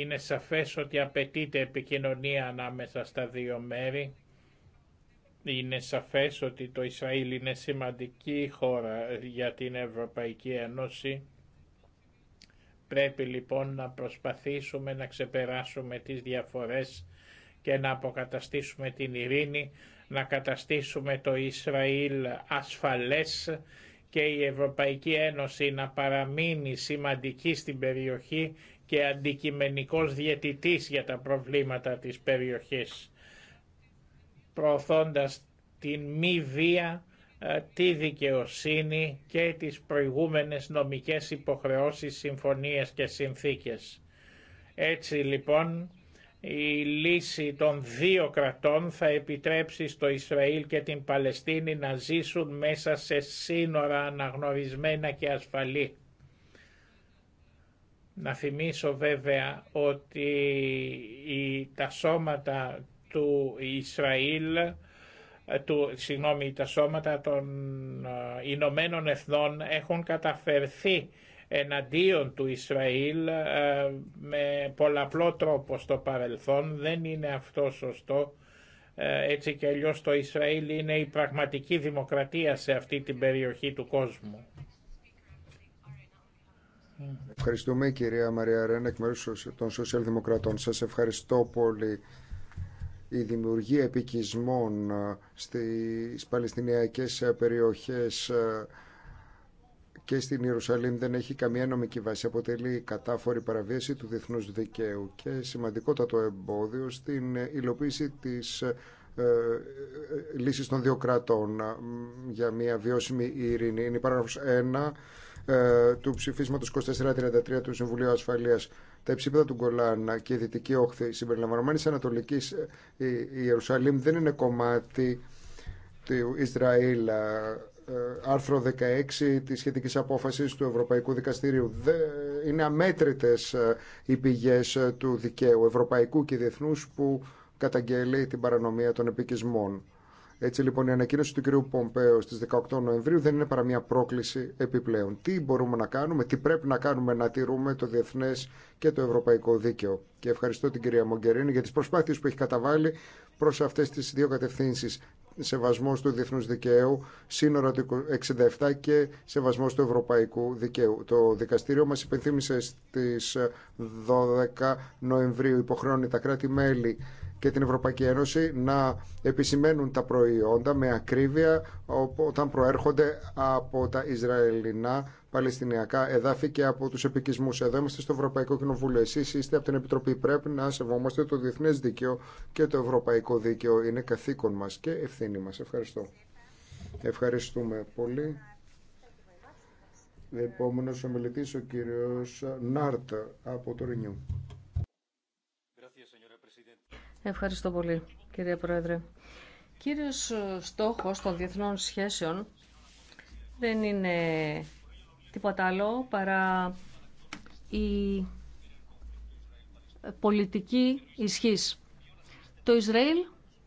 Είναι σαφές ότι απαιτείται επικοινωνία ανάμεσα στα δύο μέρη. Είναι σαφές ότι το Ισραήλ είναι σημαντική χώρα για την Ευρωπαϊκή Ένωση. Πρέπει λοιπόν να προσπαθήσουμε να ξεπεράσουμε τις διαφορές και να αποκαταστήσουμε την ειρήνη, να καταστήσουμε το Ισραήλ ασφαλές και η Ευρωπαϊκή Ένωση να παραμείνει σημαντική στην περιοχή και αντικειμενικός διαιτητής για τα προβλήματα της περιοχής, προωθώντας την μη βία, ε, τη δικαιοσύνη και τις προηγούμενες νομικές υποχρεώσεις, συμφωνίες και συνθήκες. Έτσι λοιπόν η λύση των δύο κρατών θα επιτρέψει στο Ισραήλ και την Παλαιστίνη να ζήσουν μέσα σε σύνορα αναγνωρισμένα και ασφαλή. Να θυμίσω βέβαια ότι τα σώματα του Ισραήλ, ε, του, συγγνώμη, τα σώματα των ε, Ηνωμένων Εθνών έχουν καταφερθεί εναντίον του Ισραήλ ε, με πολλαπλό τρόπο στο παρελθόν. Δεν είναι αυτό σωστό. Έτσι και αλλιώς το Ισραήλ είναι η πραγματική δημοκρατία σε αυτή την περιοχή του κόσμου. Ευχαριστούμε κυρία Μαρία Ρένα εκ μέρους των Σοσιαλδημοκρατών. Σας ευχαριστώ πολύ. Η δημιουργία επικισμών ε, στις Παλαιστινιακές ε, περιοχές ε, και στην Ιερουσαλήμ δεν έχει καμία νομική βάση. Αποτελεί κατάφορη παραβίαση του διεθνούς δικαίου και σημαντικότατο εμπόδιο στην υλοποίηση της λύσης των δύο κρατών για μια βιώσιμη ειρήνη. Είναι η παράγραφος 1 ε, του ψηφίσματο 2433 του Συμβουλίου Ασφαλεία, τα υψίπεδα του Γκολάν και ε, η Δυτική Όχθη συμπεριλαμβανομένη Ανατολική Ιερουσαλήμ δεν είναι κομμάτι του Ισραήλ. Ε, άρθρο 16 της σχετικής απόφασης του Ευρωπαϊκού Δικαστηρίου. Είναι αμέτρητες οι πηγές του δικαίου ευρωπαϊκού και διεθνούς που καταγγέλει την παρανομία των επικισμών. Έτσι λοιπόν η ανακοίνωση του κ. Πομπέου στις 18 Νοεμβρίου δεν είναι παρά μια πρόκληση επιπλέον. Τι μπορούμε να κάνουμε, τι πρέπει να κάνουμε να τηρούμε το διεθνές και το ευρωπαϊκό δίκαιο. Και ευχαριστώ την κυρία Μογκερίνη για τις προσπάθειες που έχει καταβάλει προς αυτές τις δύο κατευθύνσεις. Σεβασμός του διεθνούς δικαίου, σύνορα του 67 και σεβασμό του ευρωπαϊκού δικαίου. Το δικαστήριο μα υπενθύμησε στι 12 Νοεμβρίου υποχρεώνει τα κράτη-μέλη και την Ευρωπαϊκή Ένωση να επισημαίνουν τα προϊόντα με ακρίβεια όταν προέρχονται από τα Ισραηλινά Παλαιστινιακά εδάφη και από του επικισμού. Εδώ είμαστε στο Ευρωπαϊκό Κοινοβούλιο. Εσεί είστε από την Επιτροπή. Πρέπει να σεβόμαστε το διεθνέ δίκαιο και το ευρωπαϊκό δίκαιο. Είναι καθήκον μα και ευθύνη μα. Ευχαριστώ. Ευχαριστούμε πολύ. Επόμενο ομιλητή ο κύριο Νάρτ από το Ρινιού. Ευχαριστώ πολύ, κυρία Πρόεδρε. Κύριος ε, στόχος των διεθνών σχέσεων δεν είναι τίποτα άλλο παρά η πολιτική ισχύς. Το Ισραήλ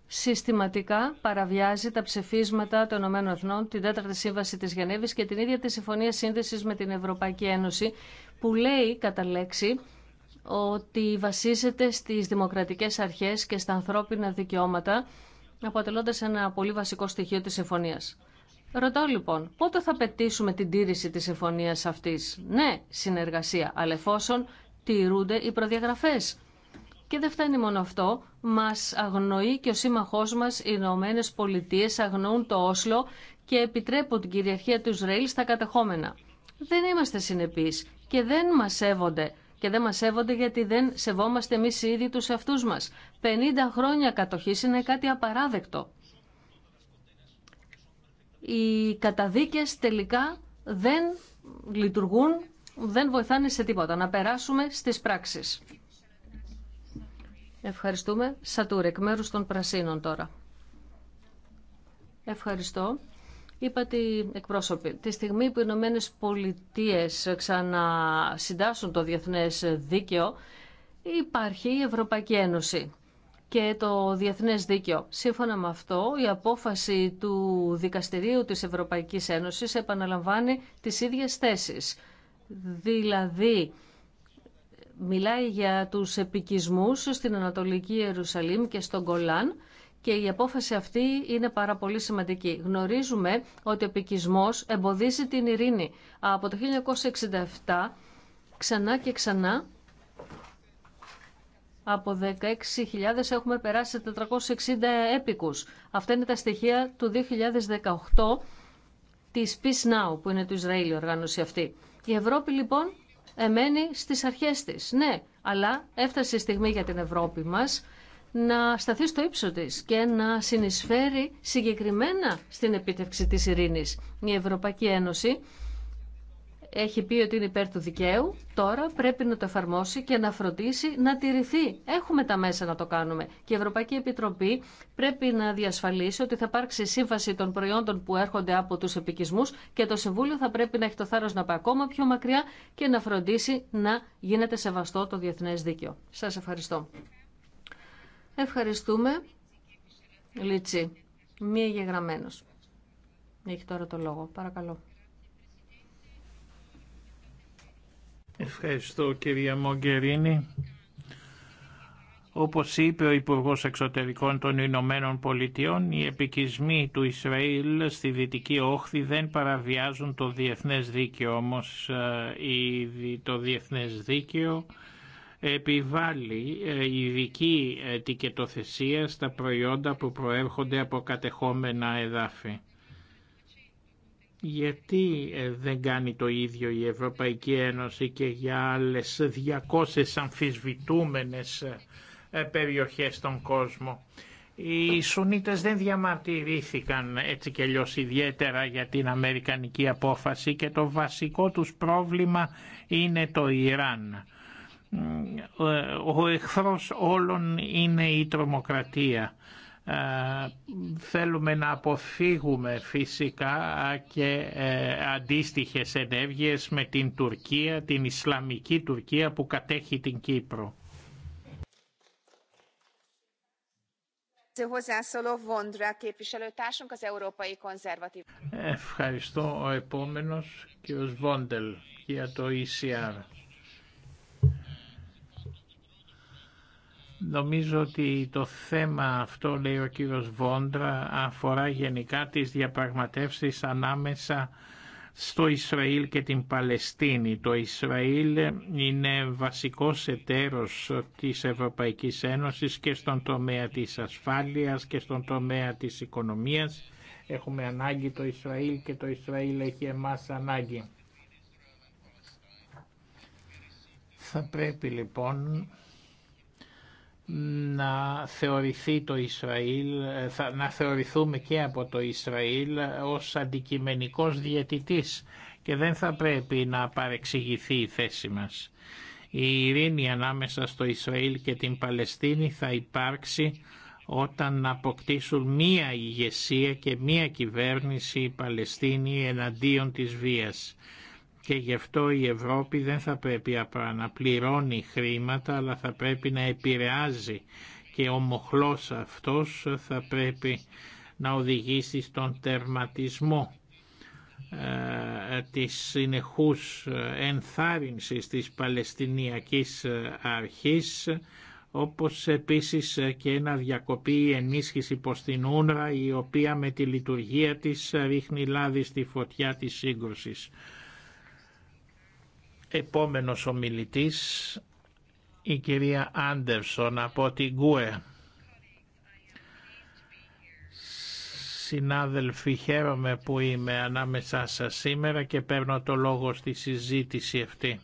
συστηματικά παραβιάζει τα ψεφίσματα των ΗΕ, την Τέταρτη Σύμβαση της Γενέβης και την ίδια τη Συμφωνία Σύνδεσης με την Ευρωπαϊκή Ένωση που λέει κατά λέξη ότι βασίζεται στις δημοκρατικές αρχές και στα ανθρώπινα δικαιώματα, αποτελώντας ένα πολύ βασικό στοιχείο της συμφωνίας. Ρωτάω λοιπόν, πότε θα πετήσουμε την τήρηση της συμφωνίας αυτής. Ναι, συνεργασία, αλλά εφόσον τηρούνται οι προδιαγραφές. Και δεν φτάνει μόνο αυτό, μας αγνοεί και ο σύμμαχός μας, οι Ηνωμένε Πολιτείε αγνοούν το Όσλο και επιτρέπουν την κυριαρχία του Ισραήλ στα κατεχόμενα. Δεν είμαστε συνεπείς και δεν μας σέβονται και δεν μας σέβονται γιατί δεν σεβόμαστε εμείς οι ίδιοι τους αυτούς μας. 50 χρόνια κατοχής είναι κάτι απαράδεκτο. Οι καταδίκες τελικά δεν λειτουργούν, δεν βοηθάνε σε τίποτα. Να περάσουμε στις πράξεις. Ευχαριστούμε. Σατούρεκ, εκ μέρους των Πρασίνων τώρα. Ευχαριστώ. Είπατε εκπρόσωποι, τη στιγμή που οι Ηνωμένε Πολιτείε ξανασυντάσσουν το διεθνές δίκαιο, υπάρχει η Ευρωπαϊκή Ένωση και το διεθνές δίκαιο. Σύμφωνα με αυτό, η απόφαση του Δικαστηρίου της Ευρωπαϊκής Ένωσης επαναλαμβάνει τις ίδιες θέσεις. Δηλαδή, μιλάει για τους επικισμούς στην Ανατολική Ιερουσαλήμ και στον Κολάν, και η απόφαση αυτή είναι πάρα πολύ σημαντική. Γνωρίζουμε ότι ο επικισμός εμποδίζει την ειρήνη. Από το 1967 ξανά και ξανά από 16.000 έχουμε περάσει 460 έπικους. Αυτά είναι τα στοιχεία του 2018 της Peace Now που είναι του Ισραήλ η οργάνωση αυτή. Η Ευρώπη λοιπόν εμένει στις αρχές της. Ναι, αλλά έφτασε η στιγμή για την Ευρώπη μας να σταθεί στο ύψο τη και να συνεισφέρει συγκεκριμένα στην επίτευξη της ειρήνης. Η Ευρωπαϊκή Ένωση έχει πει ότι είναι υπέρ του δικαίου, τώρα πρέπει να το εφαρμόσει και να φροντίσει να τηρηθεί. Έχουμε τα μέσα να το κάνουμε. Και η Ευρωπαϊκή Επιτροπή πρέπει να διασφαλίσει ότι θα υπάρξει σύμβαση των προϊόντων που έρχονται από τους επικισμούς και το Συμβούλιο θα πρέπει να έχει το θάρρος να πάει ακόμα πιο μακριά και να φροντίσει να γίνεται σεβαστό το διεθνέ δίκαιο. Σα ευχαριστώ. Ευχαριστούμε. Λίτσι, μη εγγεγραμμένος. Έχει τώρα το λόγο. Παρακαλώ. Ευχαριστώ κυρία Μογκερίνη. Όπως είπε ο Υπουργός Εξωτερικών των Ηνωμένων Πολιτειών, οι επικισμοί του Ισραήλ στη Δυτική Όχθη δεν παραβιάζουν το διεθνές δίκαιο, όμως ε, το διεθνές δίκαιο επιβάλλει ε, ειδική ετικετοθεσία στα προϊόντα που προέρχονται από κατεχόμενα εδάφη. Γιατί ε, δεν κάνει το ίδιο η Ευρωπαϊκή Ένωση και για άλλες 200 αμφισβητούμενες ε, περιοχές στον κόσμο. Οι Σουνίτες δεν διαμαρτυρήθηκαν έτσι και αλλιώς ιδιαίτερα για την Αμερικανική απόφαση και το βασικό τους πρόβλημα είναι το Ιράν ο εχθρός όλων είναι η τρομοκρατία. Ε, θέλουμε να αποφύγουμε φυσικά και ε, αντίστοιχες ενέργειες με την Τουρκία, την Ισλαμική Τουρκία που κατέχει την Κύπρο. Ευχαριστώ. Ο επόμενος, ο Βόντελ, για το ECR. Νομίζω ότι το θέμα αυτό, λέει ο κύριος Βόντρα, αφορά γενικά τις διαπραγματεύσεις ανάμεσα στο Ισραήλ και την Παλαιστίνη. Το Ισραήλ είναι βασικός εταίρος της Ευρωπαϊκής Ένωσης και στον τομέα της ασφάλειας και στον τομέα της οικονομίας. Έχουμε ανάγκη το Ισραήλ και το Ισραήλ έχει εμάς ανάγκη. Θα πρέπει λοιπόν να θεωρηθεί το Ισραήλ, ε, να θεωρηθούμε και από το Ισραήλ ε, ως αντικειμενικός διαιτητής και δεν θα πρέπει να παρεξηγηθεί η θέση μας. Η ειρήνη ανάμεσα στο Ισραήλ και την Παλαιστίνη θα υπάρξει όταν αποκτήσουν μία ηγεσία και μία κυβέρνηση οι Παλαιστίνοι εναντίον της βίας και γι' αυτό η Ευρώπη δεν θα πρέπει να πληρώνει χρήματα αλλά θα πρέπει να επηρεάζει και ο μοχλός αυτός θα πρέπει να οδηγήσει στον τερματισμό ε, της συνεχούς ε, ενθάρρυνσης της Παλαιστινιακής ε, Αρχής όπως επίσης και να διακοπεί η ενίσχυση προς την Ούνρα η οποία με τη λειτουργία της ρίχνει λάδι στη φωτιά της σύγκρουσης. Επόμενος ομιλητής, η κυρία Άντερσον από την ΚΟΕ. Συνάδελφοι, χαίρομαι που είμαι ανάμεσά σας σήμερα και παίρνω το λόγο στη συζήτηση αυτή.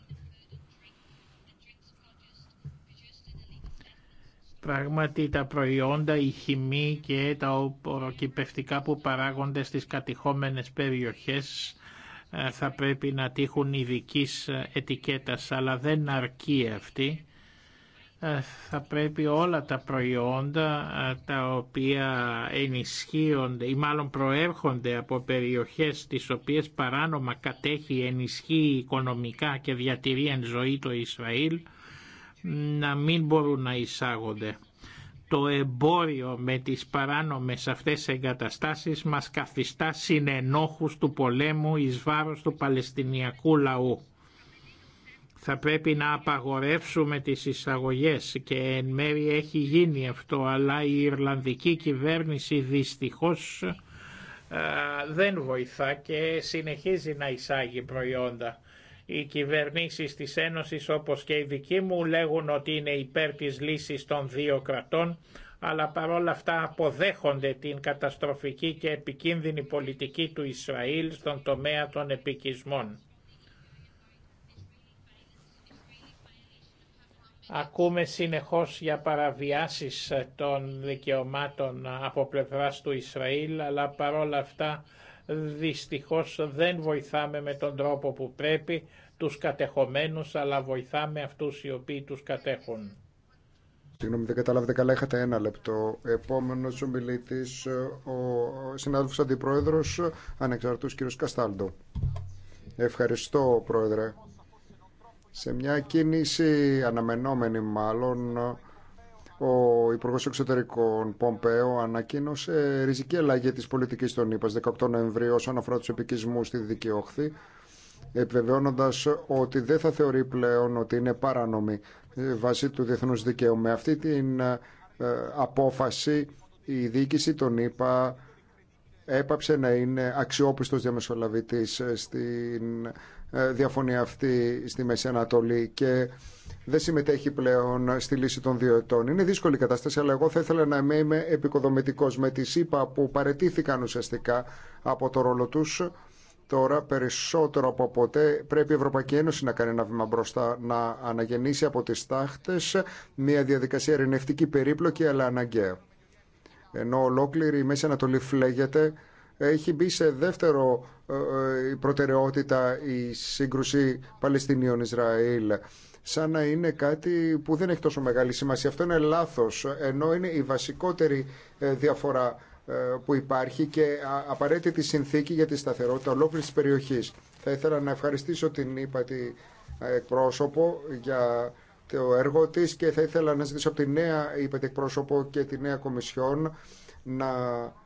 Πράγματι τα προϊόντα, η χημή και τα οροκυπευτικά που παράγονται στις κατηχόμενες περιοχές ε, θα πρέπει να τύχουν ειδική ε, ετικέτας, αλλά δεν αρκεί αυτή. Ε, θα πρέπει όλα τα προϊόντα τα οποία ενισχύονται ή μάλλον προέρχονται από περιοχές τις οποίες παράνομα κατέχει, ενισχύει οικονομικά και διατηρεί εν ζωή το Ισραήλ να μην μπορούν να εισάγονται το εμπόριο με τις παράνομες αυτές εγκαταστάσεις μας καθιστά συνενόχους του πολέμου εις βάρος του Παλαιστινιακού λαού. Θα πρέπει να απαγορεύσουμε τις εισαγωγές και εν μέρη έχει γίνει αυτό, αλλά η Ιρλανδική κυβέρνηση δυστυχώς δεν βοηθά και συνεχίζει να εισάγει προϊόντα. Οι κυβερνήσεις της Ένωσης όπως και οι δικοί μου λέγουν ότι είναι υπέρ της λύσης των δύο κρατών αλλά παρόλα αυτά αποδέχονται την καταστροφική και επικίνδυνη πολιτική του Ισραήλ στον τομέα των επικισμών. Ακούμε συνεχώς για παραβιάσεις των δικαιωμάτων από πλευράς του Ισραήλ, αλλά παρόλα αυτά Δυστυχώς δεν βοηθάμε με τον τρόπο που πρέπει τους κατεχομένους, αλλά βοηθάμε αυτούς οι οποίοι τους κατέχουν. Συγγνώμη, δεν καταλάβετε καλά, είχατε ένα λεπτό. Επόμενος ομιλητής, ο συνάδελφος αντιπρόεδρος, ανεξαρτούς κ. Καστάλντο. Ευχαριστώ, πρόεδρε. Σε μια κίνηση αναμενόμενη μάλλον, ο Υπουργό Εξωτερικών Πομπέο ανακοίνωσε ριζική αλλαγή τη πολιτική των ΗΠΑ 18 Νοεμβρίου όσον αφορά του επικισμού στη Δυτική Όχθη, επιβεβαιώνοντα ότι δεν θα θεωρεί πλέον ότι είναι παράνομη ε, βάσει του διεθνού δικαίου. Με αυτή την ε, ε, απόφαση η διοίκηση των ΗΠΑ έπαψε να είναι αξιόπιστος διαμεσολαβητής ε, στην ε, διαφωνία αυτή στη Μέση Ανατολή και δεν συμμετέχει πλέον στη λύση των δύο ετών. Είναι δύσκολη η κατάσταση, αλλά εγώ θα ήθελα να είμαι επικοδομητικός με τη ΣΥΠΑ που παρετήθηκαν ουσιαστικά από το ρόλο τους τώρα περισσότερο από ποτέ πρέπει η Ευρωπαϊκή Ένωση να κάνει ένα βήμα μπροστά, να αναγεννήσει από τις τάχτες μια διαδικασία ερηνευτική περίπλοκη αλλά αναγκαία ενώ ολόκληρη η Μέση Ανατολή φλέγεται, έχει μπει σε δεύτερο ε, ε προτεραιότητα η σύγκρουση Παλαιστινίων-Ισραήλ σαν να είναι κάτι που δεν έχει τόσο μεγάλη σημασία. Αυτό είναι λάθος, ενώ είναι η βασικότερη ε, διαφορά ε, που υπάρχει και απαραίτητη συνθήκη για τη σταθερότητα ολόκληρης της περιοχής. Θα ήθελα να ευχαριστήσω την ύπατη εκπρόσωπο για το έργο τη και θα ήθελα να ζητήσω από τη νέα είπατε και τη νέα Κομισιόν να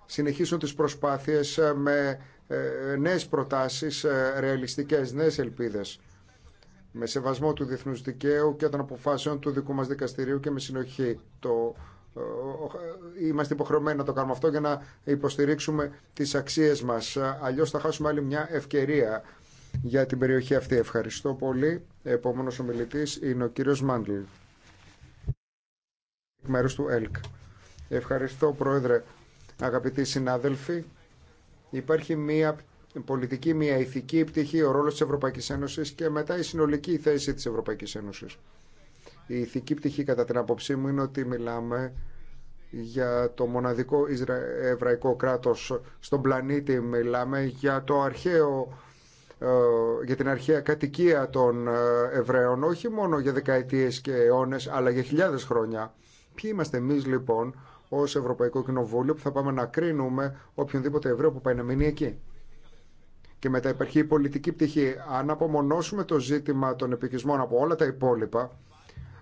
συνεχίσουν τι προσπάθειε με ε, νέες προτάσεις, ε, ρεαλιστικέ, νέε ελπίδες με σεβασμό του διεθνού δικαίου και των αποφάσεων του δικού μα δικαστηρίου και με συνοχή. Το, ε, είμαστε υποχρεωμένοι να το κάνουμε αυτό για να υποστηρίξουμε τι αξίε μα. Αλλιώ θα χάσουμε άλλη μια ευκαιρία για την περιοχή αυτή. Ευχαριστώ πολύ. Επόμενο ομιλητή, είναι ο κύριος Μάντλ. Εκ μέρους του ΕΛΚ. Ευχαριστώ Πρόεδρε. Αγαπητοί συνάδελφοι, υπάρχει μία πολιτική, μία ηθική πτυχή, ο ρόλος της Ευρωπαϊκής Ένωσης και μετά η συνολική θέση της Ευρωπαϊκής Ένωσης. Η ηθική πτυχή κατά την απόψή μου είναι ότι μιλάμε για το μοναδικό Εβραϊκό κράτος στον πλανήτη, μιλάμε για το αρχαίο ε, για την αρχαία κατοικία των ε, Εβραίων όχι μόνο για δεκαετίες και αιώνες αλλά για χιλιάδες χρόνια. Ποιοι είμαστε εμείς λοιπόν ως Ευρωπαϊκό Κοινοβούλιο που θα πάμε να κρίνουμε οποιονδήποτε Εβραίο που πάει να μείνει εκεί. Και μετά υπάρχει η πολιτική πτυχή. Αν απομονώσουμε το ζήτημα των επικισμών από όλα τα υπόλοιπα,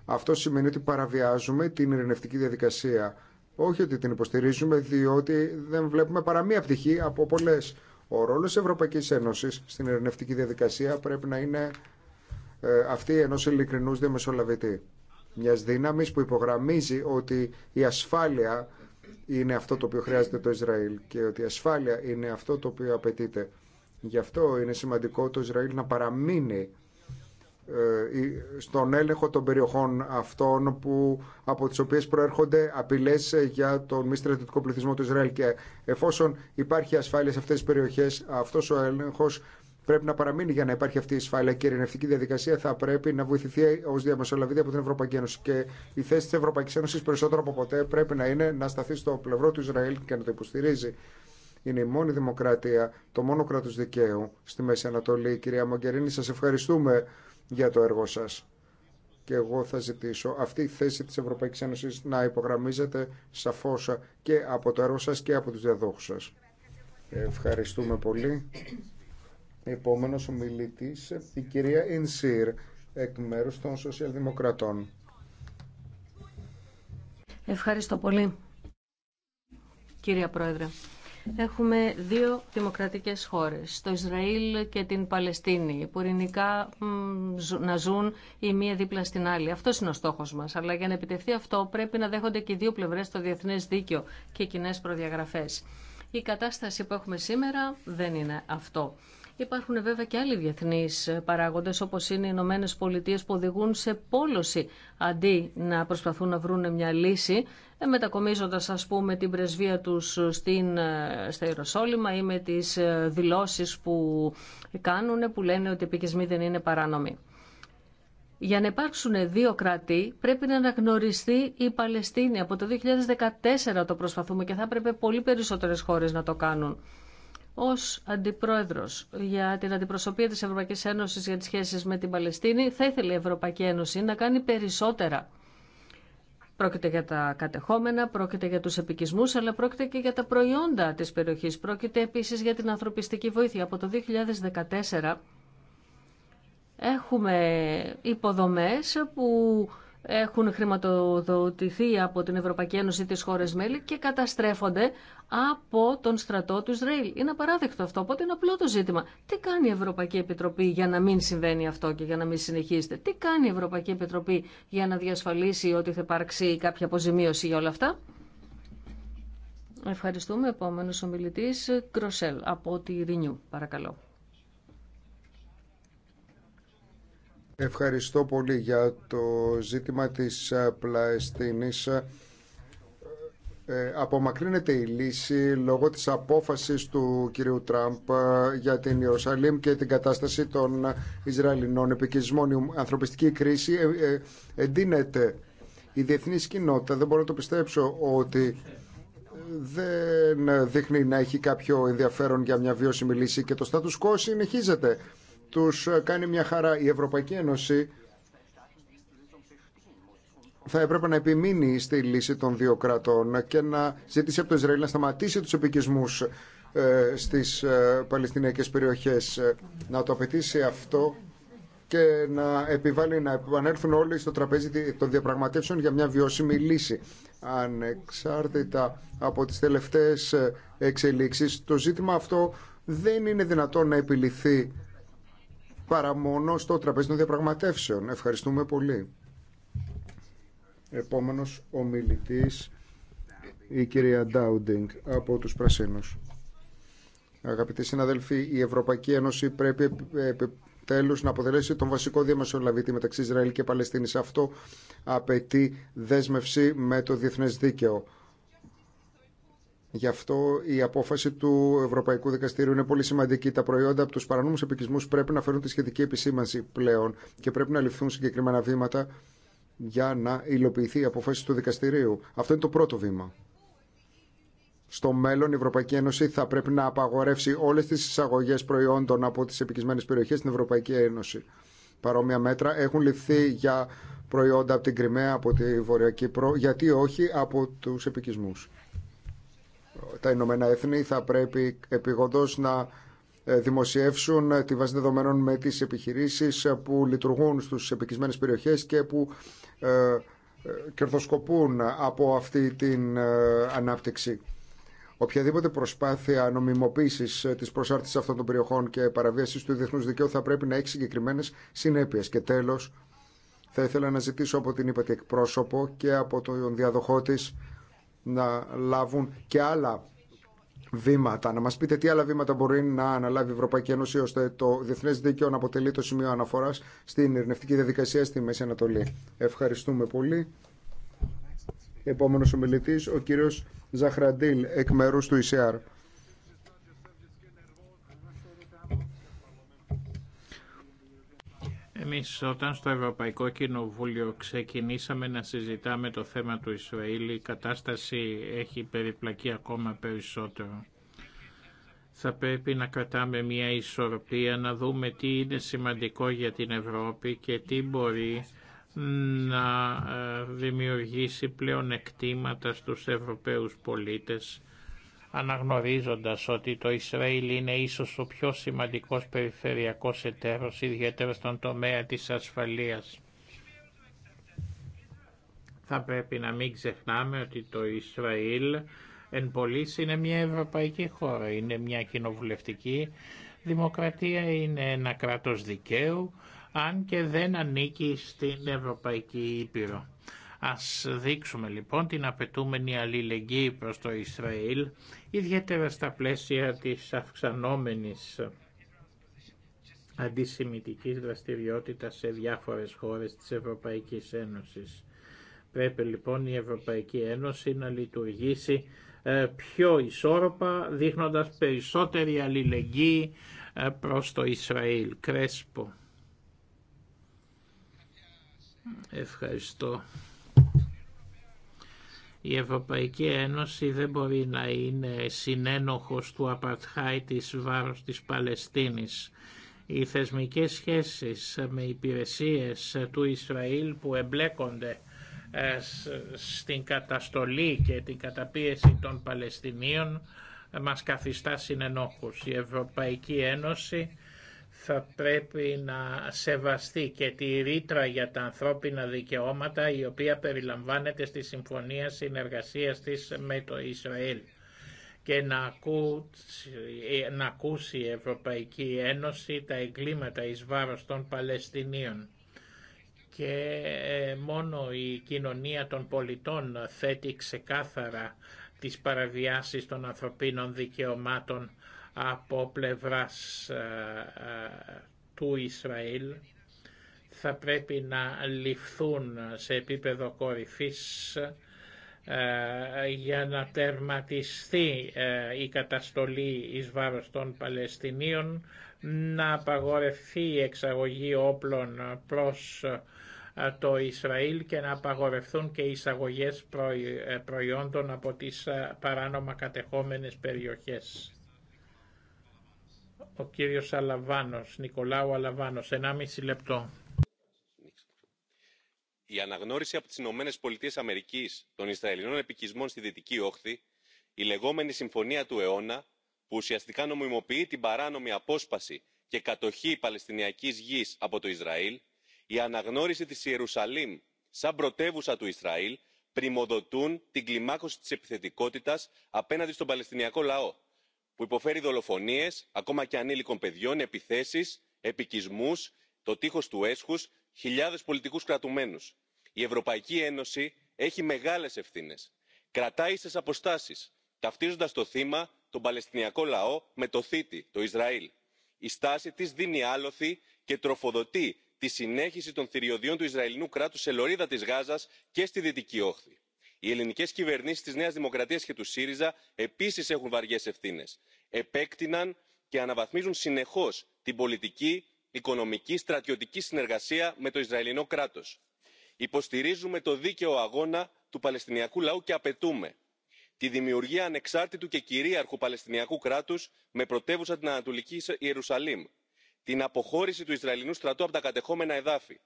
αυτό σημαίνει ότι παραβιάζουμε την ειρηνευτική διαδικασία. Όχι ότι την υποστηρίζουμε, διότι δεν βλέπουμε παρά μία πτυχή από πολλές ο ρόλος της Ευρωπαϊκής Ένωσης στην ειρηνευτική διαδικασία πρέπει να είναι ε, αυτή ενό ειλικρινούς διαμεσολαβητή. Μιας δύναμης που υπογραμμίζει ότι η ασφάλεια είναι αυτό το οποίο χρειάζεται το Ισραήλ και ότι η ασφάλεια είναι αυτό το οποίο απαιτείται. Γι' αυτό είναι σημαντικό το Ισραήλ να παραμείνει ε, στον έλεγχο των περιοχών αυτών που, από τις οποίες προέρχονται απειλές ε, για τον μη στρατιωτικό πληθυσμό του Ισραήλ και εφόσον υπάρχει ασφάλεια σε αυτές τις περιοχές αυτός ο έλεγχος Πρέπει να παραμείνει για να υπάρχει αυτή η ασφάλεια και η ειρηνευτική διαδικασία θα πρέπει να βοηθηθεί ω διαμεσολαβητή από την Ευρωπαϊκή Ένωση. Και η θέση τη Ευρωπαϊκή Ένωση περισσότερο από ποτέ πρέπει να είναι να σταθεί στο πλευρό του Ισραήλ και να το υποστηρίζει. Είναι η μόνη δημοκρατία, το μόνο κράτο δικαίου στη Μέση Ανατολή. Κυρία Μογκερίνη, σα ευχαριστούμε για το έργο σας. Και εγώ θα ζητήσω αυτή η θέση της Ευρωπαϊκής Ένωσης να υπογραμμίζεται σαφώς και από το έργο σας και από τους διαδόχους σας. Ευχαριστούμε πολύ. Επόμενος ομιλητής, η κυρία Ινσύρ, εκ μέρους των Σοσιαλδημοκρατών. Ευχαριστώ πολύ, κυρία Πρόεδρε έχουμε δύο δημοκρατικές χώρες, το Ισραήλ και την Παλαιστίνη, που ειρηνικά να ζουν η μία δίπλα στην άλλη. Αυτό είναι ο στόχος μας. Αλλά για να επιτευχθεί αυτό πρέπει να δέχονται και οι δύο πλευρές το διεθνές δίκαιο και κοινέ προδιαγραφές. Η κατάσταση που έχουμε σήμερα δεν είναι αυτό. Υπάρχουν βέβαια και άλλοι διεθνεί παράγοντε όπω είναι οι Ηνωμένε Πολιτείε που οδηγούν σε πόλωση αντί να προσπαθούν να βρουν μια λύση ε, μετακομίζοντα α πούμε την πρεσβεία του στην, ε, στα Ιεροσόλυμα ή με τι ε, δηλώσει που κάνουν που λένε ότι οι επικισμοί δεν είναι παράνομοι. Για να υπάρξουν δύο κράτη πρέπει να αναγνωριστεί η Παλαιστίνη. Από το 2014 το προσπαθούμε και θα έπρεπε πολύ περισσότερες χώρες να το κάνουν. Ως αντιπρόεδρος για την αντιπροσωπεία της Ευρωπαϊκής Ένωσης για τις σχέσεις με την Παλαιστίνη, θα ήθελε η Ευρωπαϊκή Ένωση να κάνει περισσότερα. Πρόκειται για τα κατεχόμενα, πρόκειται για τους επικισμούς, αλλά πρόκειται και για τα προϊόντα της περιοχής. Πρόκειται επίσης για την ανθρωπιστική βοήθεια. Από το 2014 έχουμε υποδομές που έχουν χρηματοδοτηθεί από την Ευρωπαϊκή Ένωση τις χώρες μέλη και καταστρέφονται από τον στρατό του Ισραήλ. Είναι απαράδεκτο αυτό, οπότε είναι απλό το ζήτημα. Τι κάνει η Ευρωπαϊκή Επιτροπή για να μην συμβαίνει αυτό και για να μην συνεχίζεται. Τι κάνει η Ευρωπαϊκή Επιτροπή για να διασφαλίσει ότι θα υπάρξει κάποια αποζημίωση για όλα αυτά. Ευχαριστούμε. Επόμενος ομιλητής, Κροσέλ, από τη Ρινιού. Παρακαλώ. Ευχαριστώ πολύ για το ζήτημα της ε, πλαεστινής. Ε, ε, απομακρύνεται η λύση λόγω της απόφασης του κυρίου Τραμπ για την Ιερουσαλήμ και την κατάσταση των Ισραηλινών επικισμών. Η ανθρωπιστική κρίση εντείνεται. Η διεθνής κοινότητα δεν μπορώ να το πιστέψω ότι δεν δείχνει να έχει κάποιο ενδιαφέρον για μια βιώσιμη λύση και το status quo συνεχίζεται τους ε, κάνει μια χαρά. Η Ευρωπαϊκή Ένωση θα έπρεπε να επιμείνει στη λύση των δύο κρατών και να ζητήσει από το Ισραήλ να σταματήσει τους επικισμούς ε, στις ε, Παλαιστινιακές περιοχές. Να το απαιτήσει αυτό και να επιβάλλει να επανέλθουν όλοι στο τραπέζι των διαπραγματεύσεων για μια βιώσιμη λύση. Ανεξάρτητα από τις τελευταίες εξελίξεις, το ζήτημα αυτό δεν είναι δυνατόν να επιληθεί παρά μόνο στο τραπέζι των διαπραγματεύσεων. Ευχαριστούμε πολύ. Επόμενος ομιλητής, η κυρία Ντάουντινγκ από τους Πρασίνους. Αγαπητοί συναδελφοί, η Ευρωπαϊκή Ένωση πρέπει επιτέλους να αποτελέσει τον βασικό διαμεσολαβητή μεταξύ Ισραήλ και Παλαιστίνης. Αυτό απαιτεί δέσμευση με το διεθνές δίκαιο. Γι' αυτό η απόφαση του Ευρωπαϊκού Δικαστηρίου είναι πολύ σημαντική. Τα προϊόντα από του παρανόμου επικισμού πρέπει να φέρουν τη σχετική επισήμανση πλέον και πρέπει να ληφθούν συγκεκριμένα βήματα για να υλοποιηθεί η απόφαση του δικαστηρίου. Αυτό είναι το πρώτο βήμα. Στο μέλλον η Ευρωπαϊκή Ένωση θα πρέπει να απαγορεύσει όλες τις εισαγωγές προϊόντων από τις επικισμένες περιοχές στην Ευρωπαϊκή Ένωση. Παρόμοια μέτρα έχουν ληφθεί για προϊόντα από την Κρυμαία, από τη Βορειοκύπρο, γιατί όχι από τους επικισμούς τα Ηνωμένα Έθνη θα πρέπει επιγοντό να ε, δημοσιεύσουν ε, τη βάση δεδομένων με τις επιχειρήσεις ε, που λειτουργούν στους επικισμένες περιοχές και που κερδοσκοπούν από αυτή την ανάπτυξη. Οποιαδήποτε προσπάθεια νομιμοποίηση τη προσάρτηση αυτών των περιοχών και παραβίαση του διεθνού δικαίου θα πρέπει να έχει συγκεκριμένε συνέπειε. Και τέλο, θα ήθελα να ζητήσω από την ύπατη εκπρόσωπο και από τον διαδοχό τη να λάβουν και άλλα βήματα. Να μας πείτε τι άλλα βήματα μπορεί να αναλάβει η Ευρωπαϊκή Ένωση ώστε το διεθνές δίκαιο να αποτελεί το σημείο αναφοράς στην ειρνευτική διαδικασία στη Μέση Ανατολή. Ευχαριστούμε πολύ. Επόμενος ομιλητής, ο κύριος Ζαχραντήλ, εκ μέρους του ΙΣΕΑΡ. Εμείς όταν στο Ευρωπαϊκό Κοινοβούλιο ξεκινήσαμε να συζητάμε το θέμα του Ισραήλ, η κατάσταση έχει περιπλακεί ακόμα περισσότερο. Θα πρέπει να κρατάμε μια ισορροπία, να δούμε τι είναι σημαντικό για την Ευρώπη και τι μπορεί να ε, δημιουργήσει πλέον εκτίματα στους Ευρωπαίους πολίτες αναγνωρίζοντας ότι το Ισραήλ είναι ίσως ο πιο σημαντικός περιφερειακός εταίρος, ιδιαίτερα στον τομέα της ασφαλείας. Θα πρέπει να μην ξεχνάμε ότι το Ισραήλ εν πωλής είναι μια ευρωπαϊκή χώρα, είναι μια κοινοβουλευτική δημοκρατία, είναι ένα κράτος δικαίου, αν και δεν ανήκει στην Ευρωπαϊκή Ήπειρο. Ας δείξουμε λοιπόν την απαιτούμενη αλληλεγγύη προς το Ισραήλ, ιδιαίτερα στα πλαίσια της αυξανόμενης αντισημιτικής δραστηριότητας σε διάφορες χώρες της Ευρωπαϊκής Ένωσης. Πρέπει λοιπόν η Ευρωπαϊκή Ένωση να λειτουργήσει ε, πιο ισόρροπα, δείχνοντας περισσότερη αλληλεγγύη ε, προς το Ισραήλ. Κρέσπο. Ευχαριστώ. Η Ευρωπαϊκή Ένωση δεν μπορεί να είναι συνένοχος του απαρτχάι της βάρος της Παλαιστίνης. Οι θεσμικές σχέσεις με υπηρεσίες του Ισραήλ που εμπλέκονται ε, στην καταστολή και την καταπίεση των Παλαιστινίων ε, μας καθιστά συνενόχους. Η Ευρωπαϊκή Ένωση θα πρέπει να σεβαστεί και τη ρήτρα για τα ανθρώπινα δικαιώματα η οποία περιλαμβάνεται στη Συμφωνία Συνεργασίας της με το Ισραήλ και να ακούσει, να η Ευρωπαϊκή Ένωση τα εγκλήματα εις βάρος των Παλαιστινίων και ε, μόνο η κοινωνία των πολιτών θέτει ξεκάθαρα τις παραβιάσεις των ανθρωπίνων δικαιωμάτων από πλευράς ε, ε, του Ισραήλ θα πρέπει να ληφθούν σε επίπεδο κορυφής ε, για να τερματιστεί η καταστολή εις βάρος των Παλαιστινίων, να απαγορευτεί η εξαγωγή όπλων προς το Ισραήλ και να απαγορευθούν και οι εισαγωγές προϊόντων από τις παράνομα κατεχόμενες περιοχές. Ο κύριος Αλαβάνος, Νικολάου Αλαβάνος, 1,5 λεπτό. Η αναγνώριση από τις ΗΠΑ Αμερικής των Ισραηλινών επικισμών στη Δυτική Όχθη, η λεγόμενη Συμφωνία του αιώνα, που ουσιαστικά νομιμοποιεί την παράνομη απόσπαση και κατοχή Παλαιστινιακής γης από το Ισραήλ, η αναγνώριση της Ιερουσαλήμ σαν πρωτεύουσα του Ισραήλ πρημοδοτούν την κλιμάκωση της επιθετικότητας απέναντι στον Παλαιστινιακό λαό που υποφέρει δολοφονίες ακόμα και ανήλικων παιδιών επιθέσεις επικισμούς το τείχος του έσχους χιλιάδες πολιτικούς κρατουμένους. η ευρωπαϊκή ένωση έχει μεγάλες ευθύνες. κρατά ίσες αποστάσεις ταυτίζοντας το θύμα τον παλαιστινιακό λαό με το θήτη το ισραήλ. η στάση της δίνει άλοθη και τροφοδοτεί τη συνέχιση των θηριωδιών του ισραηλινού κράτους σε λωρίδα της γάζας και στη δυτική όχθη οι ελληνικές κυβερνήσεις της νέας δημοκρατίας και του σύριζα επίσης έχουν βαριές ευθύνες. επέκτηναν και αναβαθμίζουν συνεχώς την πολιτική οικονομική στρατιωτική συνεργασία με το ισραηλινό κράτος. υποστηρίζουμε το δίκαιο αγώνα του παλαιστινιακού λαού και απαιτούμε τη δημιουργία ανεξάρτητου και κυρίαρχου παλαιστινιακού κράτους με πρωτεύουσα την ανατολική ιερουσαλήμ την αποχώρηση του ισραηλινού στρατού από τα κατεχόμενα εδάφη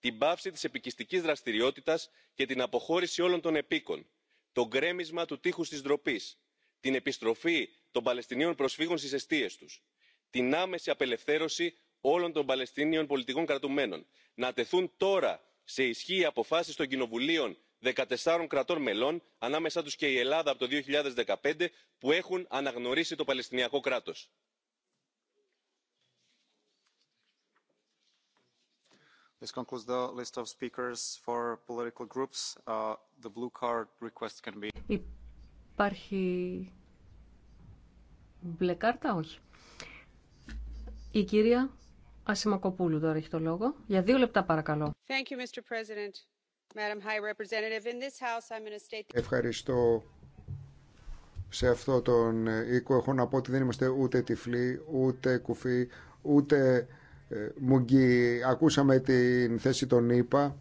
την πάυση της επικιστικής δραστηριότητας και την αποχώρηση όλων των επίκων το γκρέμισμα του τείχους της ντροπής την επιστροφή των παλαιστινίων προσφύγων στις αιστείες τους την άμεση απελευθέρωση όλων των παλαιστινίων πολιτικών κρατουμένων να τεθούν τώρα σε ισχύ οι αποφάσεις των κοινοβουλίων 14 κρατών μελών ανάμεσά τους και η ελλάδα από το 2015 που έχουν αναγνωρίσει το παλαιστινιακό κράτος. This concludes the list of speakers for political groups. Uh, the blue card request can be... Υπάρχει μπλε κάρτα, όχι. Η κυρία Ασημακοπούλου τώρα έχει το λόγο. Για δύο λεπτά παρακαλώ. Thank you, Mr. President. Madam High Representative, in this house I'm in a state... Ευχαριστώ. Σε αυτό τον οίκο έχω να πω ότι δεν είμαστε ούτε τυφλοί, ούτε κουφοί, ούτε ε, Μουγκή, ακούσαμε την θέση των ΗΠΑ,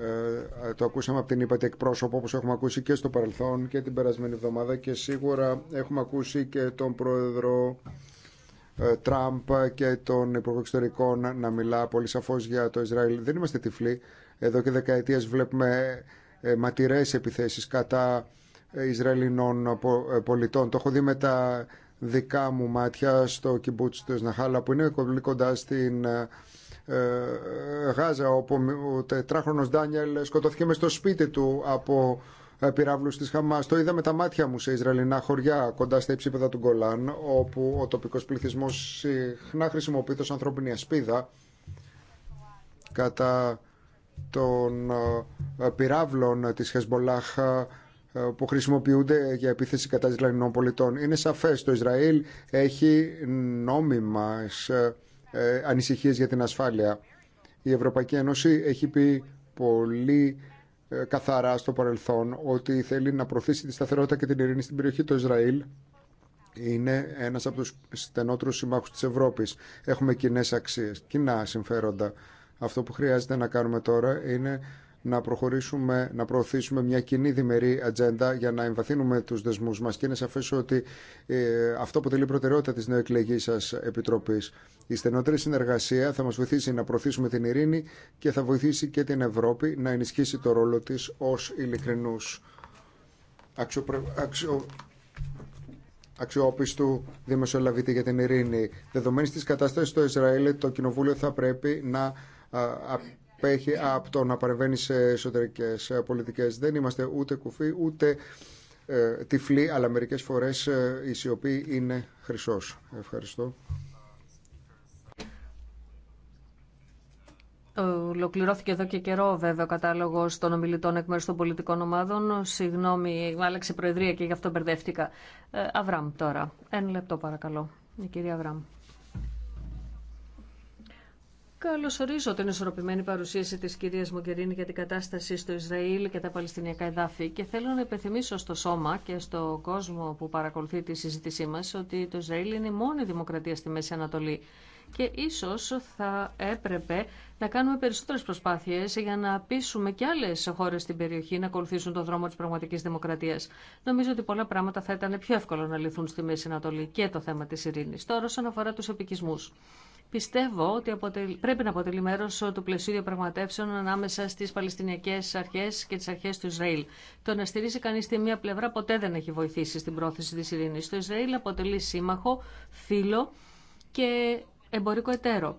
ε, το ακούσαμε από την την εκπρόσωπο όπως έχουμε ακούσει και στο παρελθόν και την περασμένη εβδομάδα και σίγουρα έχουμε ακούσει και τον πρόεδρο ε, Τραμπ και τον Υπουργό Εξωτερικών να μιλά πολύ σαφώς για το Ισραήλ. Δεν είμαστε τυφλοί. Εδώ και δεκαετίες βλέπουμε ματιρές επιθέσεις κατά Ισραηλινών πολιτών. Το έχω δει με τα δικά μου μάτια στο κιμπούτσι του Ναχάλα που είναι πολύ κοντά στην ε, ε, Γάζα όπου ο τετράχρονος Ντάνιελ σκοτώθηκε μες στο σπίτι του από ε, πυράβλους της Χαμάς. Το είδα με τα μάτια μου σε Ισραηλινά χωριά κοντά στα υψίπεδα του Γκολάν όπου ο τοπικός πληθυσμός συχνά χρησιμοποιείται ως ανθρώπινη ασπίδα κατά των πυράβλων της Χεσμπολάχ ε, που χρησιμοποιούνται για επίθεση κατά Λαϊνών πολιτών. Είναι σαφές, το Ισραήλ έχει νόμιμα ε, ε, ανησυχίες για την ασφάλεια. Η Ευρωπαϊκή Ένωση έχει πει πολύ καθαρά στο παρελθόν ότι θέλει να προωθήσει τη σταθερότητα και την ειρήνη στην περιοχή του Ισραήλ. Είναι ένας από τους στενότερους συμμάχους της Ευρώπης. Έχουμε κοινέ αξίες, κοινά συμφέροντα. Αυτό που χρειάζεται να κάνουμε τώρα είναι να προχωρήσουμε, να προωθήσουμε μια κοινή διμερή ατζέντα για να εμβαθύνουμε τους δεσμούς μας και είναι σαφές ότι ε, αυτό αποτελεί προτεραιότητα της νεοεκλεγής σας Επιτροπής. Η στενότερη συνεργασία θα μας βοηθήσει να προωθήσουμε την ειρήνη και θα βοηθήσει και την Ευρώπη να ενισχύσει το ρόλο της ως ειλικρινούς αξιοπρε... αξιο... αξιόπιστου δημοσιολαβήτη για την ειρήνη. Δεδομένη τη κατάσταση στο Ισραήλ, το Κοινοβούλιο θα πρέπει να απέχει από το να παρεμβαίνει σε εσωτερικέ ε, πολιτικέ. Δεν είμαστε ούτε κουφοί ούτε ε, τυφλοί, αλλά μερικέ φορέ η ε, σιωπή είναι χρυσό. Ευχαριστώ. Ολοκληρώθηκε εδώ και καιρό βέβαια ο κατάλογο των ομιλητών εκ μέρου των πολιτικών ομάδων. Συγγνώμη, άλλαξε η Προεδρία και γι' αυτό μπερδεύτηκα. Ε, Αβραμ τώρα. Ένα λεπτό παρακαλώ. Η κυρία Αβραμ. Καλωσορίζω την ισορροπημένη παρουσίαση της κυρίας Μογκερίνη για την κατάσταση στο Ισραήλ και τα Παλαιστινιακά εδάφη και θέλω να υπενθυμίσω στο σώμα και στο κόσμο που παρακολουθεί τη συζήτησή μας ότι το Ισραήλ είναι η μόνη δημοκρατία στη Μέση Ανατολή και ίσως θα έπρεπε να κάνουμε περισσότερες προσπάθειες για να πείσουμε και άλλες χώρες στην περιοχή να ακολουθήσουν τον δρόμο της πραγματικής δημοκρατίας. Νομίζω ότι πολλά πράγματα θα ήταν πιο εύκολο να λυθούν στη Μέση Ανατολή και το θέμα της ειρήνης. Τώρα όσον αφορά τους επικισμούς. Πιστεύω ότι πρέπει να αποτελεί μέρο του πλαισίου διαπραγματεύσεων ανάμεσα στι Παλαιστινιακέ Αρχέ και τι Αρχέ του Ισραήλ. Το να στηρίζει κανεί τη μία πλευρά ποτέ δεν έχει βοηθήσει στην πρόθεση τη ειρήνη. Το Ισραήλ αποτελεί σύμμαχο, φίλο και εμπορικό εταίρο.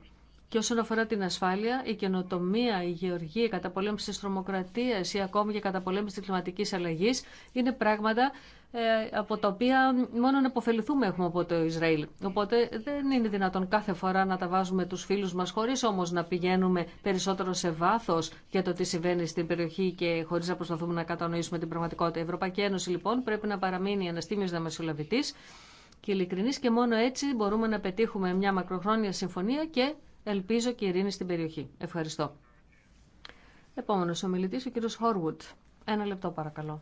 Και όσον αφορά την ασφάλεια, η καινοτομία, η γεωργία, η καταπολέμηση τη τρομοκρατία ή ακόμη και η καταπολέμηση τη κλιματική αλλαγή είναι πράγματα ε, από τα οποία μόνο να υποφεληθούμε έχουμε από το Ισραήλ. Οπότε δεν είναι δυνατόν κάθε φορά να τα βάζουμε του φίλου μα, χωρί όμω, να πηγαίνουμε περισσότερο σε βάθο για το τι συμβαίνει στην περιοχή και χωρί να προσπαθούμε να κατανοήσουμε την πραγματικότητα. Η Ευρωπαϊκή Ένωση λοιπόν πρέπει να παραμείνει ένα να και ειλικρινή και μόνο έτσι μπορούμε να πετύχουμε μια μακροχρόνια συμφωνία και ελπίζω και ειρήνη στην περιοχή. Ευχαριστώ. Επόμενος ομιλητής ο κύριος Χόρουτ. Ένα λεπτό παρακαλώ.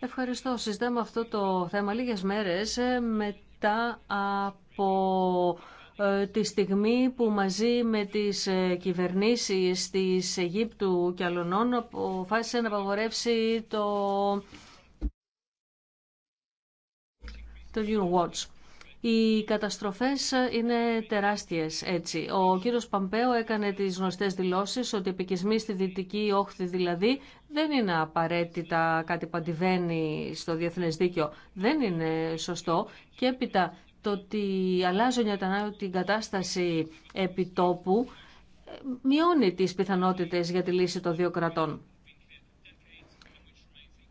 Ευχαριστώ. Συζητάμε αυτό το θέμα λίγες μέρες ε, μετά από ε, τη στιγμή που μαζί με τις ε, κυβερνήσεις της Αιγύπτου και Αλωνών αποφάσισε να απαγορεύσει το το Eurowatch. Οι καταστροφές είναι τεράστιες έτσι. Ο κύριος Παμπέο έκανε τις γνωστές δηλώσεις ότι επικισμοί στη δυτική όχθη δηλαδή δεν είναι απαραίτητα κάτι που στο διεθνές δίκαιο. Δεν είναι σωστό και έπειτα το ότι αλλάζουν την κατάσταση επιτόπου μειώνει τις πιθανότητες για τη λύση των δύο κρατών.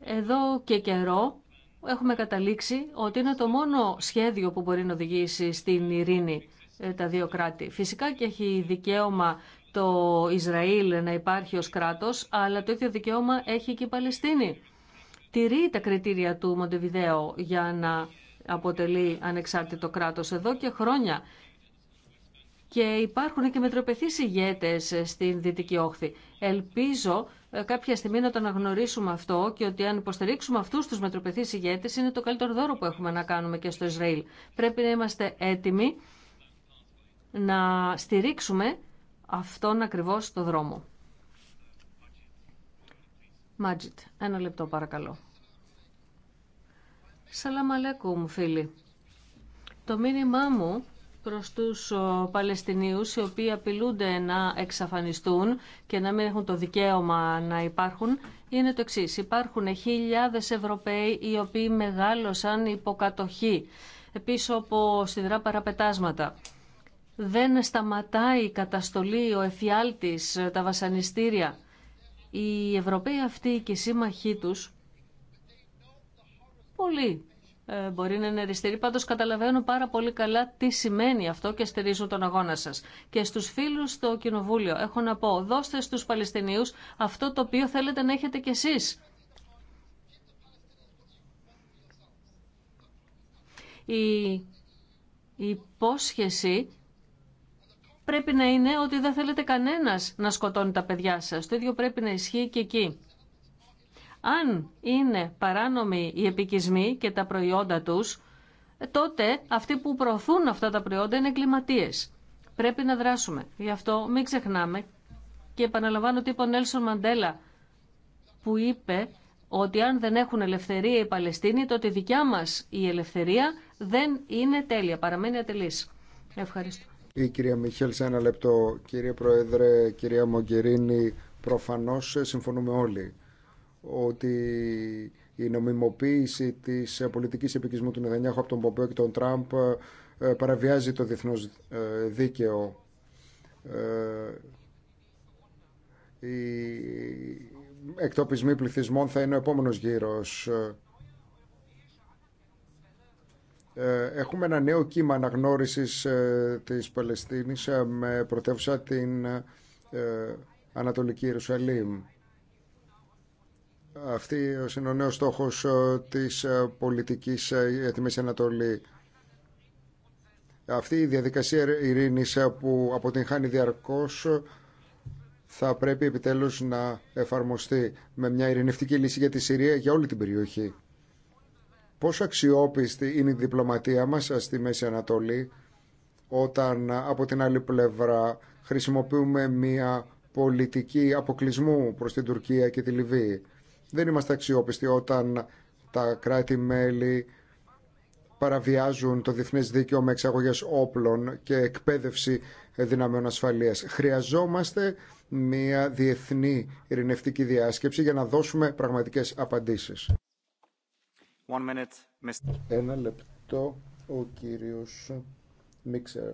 Εδώ και καιρό έχουμε καταλήξει ότι είναι το μόνο σχέδιο που μπορεί να οδηγήσει στην ειρήνη ε, τα δύο κράτη. Φυσικά και έχει δικαίωμα το Ισραήλ να υπάρχει ως κράτος, αλλά το ίδιο δικαίωμα έχει και η Παλαιστίνη. Τηρεί τα κριτήρια του Μοντεβιδέο για να αποτελεί ανεξάρτητο κράτος εδώ και χρόνια και υπάρχουν και μετροπεθείς ηγέτες στην Δυτική Όχθη. Ελπίζω ε, κάποια στιγμή να το αναγνωρίσουμε αυτό και ότι αν υποστηρίξουμε αυτούς τους μετροπεθείς ηγέτες είναι το καλύτερο δώρο που έχουμε να κάνουμε και στο Ισραήλ. Πρέπει να είμαστε έτοιμοι να στηρίξουμε αυτόν ακριβώς το δρόμο. Μάτζιτ, ένα λεπτό παρακαλώ. μου φίλοι. Το μήνυμά μου προς τους Παλαιστινίους οι οποίοι απειλούνται να εξαφανιστούν και να μην έχουν το δικαίωμα να υπάρχουν είναι το εξής. Υπάρχουν χιλιάδες Ευρωπαίοι οι οποίοι μεγάλωσαν υποκατοχή πίσω από σιδρά παραπετάσματα. Δεν σταματάει η καταστολή, ο εφιάλτης, τα βασανιστήρια. Οι Ευρωπαίοι αυτοί και οι σύμμαχοί τους, πολλοί ε, μπορεί να είναι αριστερή. Πάντω καταλαβαίνω πάρα πολύ καλά τι σημαίνει αυτό και στηρίζω τον αγώνα σας. Και στους φίλους στο Κοινοβούλιο έχω να πω, δώστε στους Παλαιστινίους αυτό το οποίο θέλετε να έχετε κι εσείς. Η υπόσχεση πρέπει να είναι ότι δεν θέλετε κανένας να σκοτώνει τα παιδιά σας. Το ίδιο πρέπει να ισχύει και εκεί. Αν είναι παράνομοι οι επικισμοί και τα προϊόντα τους, τότε αυτοί που προωθούν αυτά τα προϊόντα είναι εγκληματίες. Πρέπει να δράσουμε. Γι' αυτό μην ξεχνάμε και επαναλαμβάνω ότι είπε ο Νέλσον Μαντέλα που είπε ότι αν δεν έχουν ελευθερία οι Παλαιστίνοι, τότε δικιά μας η ελευθερία δεν είναι τέλεια, παραμένει ατελής. Ευχαριστώ. Η κυρία Μιχέλ, σε ένα λεπτό. Κύριε Πρόεδρε, κυρία Μογκερίνη, προφανώς συμφωνούμε όλοι ότι η νομιμοποίηση της πολιτικής επικισμού του Νεδανιάχου από τον Πομπέο και τον Τραμπ ε, παραβιάζει το διεθνώς ε, δίκαιο. Οι ε, εκτοπισμοί πληθυσμών θα είναι ο επόμενος γύρος. Έχουμε ένα νέο κύμα αναγνώρισης της Παλαιστίνης με πρωτεύουσα την Ανατολική Ιερουσαλήμ. Αυτή είναι ο νέος στόχος ε, της ε, πολιτικής ε, για Μέση Ανατολή. Αυτή η διαδικασία ειρήνης που αποτυγχάνει διαρκώς θα πρέπει επιτέλους να εφαρμοστεί με μια ειρηνευτική λύση για τη Συρία για όλη την περιοχή. Πόσο αξιόπιστη είναι η διπλωματία μας στη Μέση Ανατολή όταν από την άλλη πλευρά χρησιμοποιούμε μια πολιτική αποκλεισμού προς την Τουρκία και τη Λιβύη. Δεν είμαστε αξιόπιστοι όταν τα κράτη-μέλη παραβιάζουν το διεθνές δίκαιο με εξαγωγές όπλων και εκπαίδευση δυναμεών ασφαλείας. Χρειαζόμαστε μια διεθνή ειρηνευτική διάσκεψη για να δώσουμε πραγματικές απαντήσεις. One Ένα λεπτό, ο κύριος Μίξερ.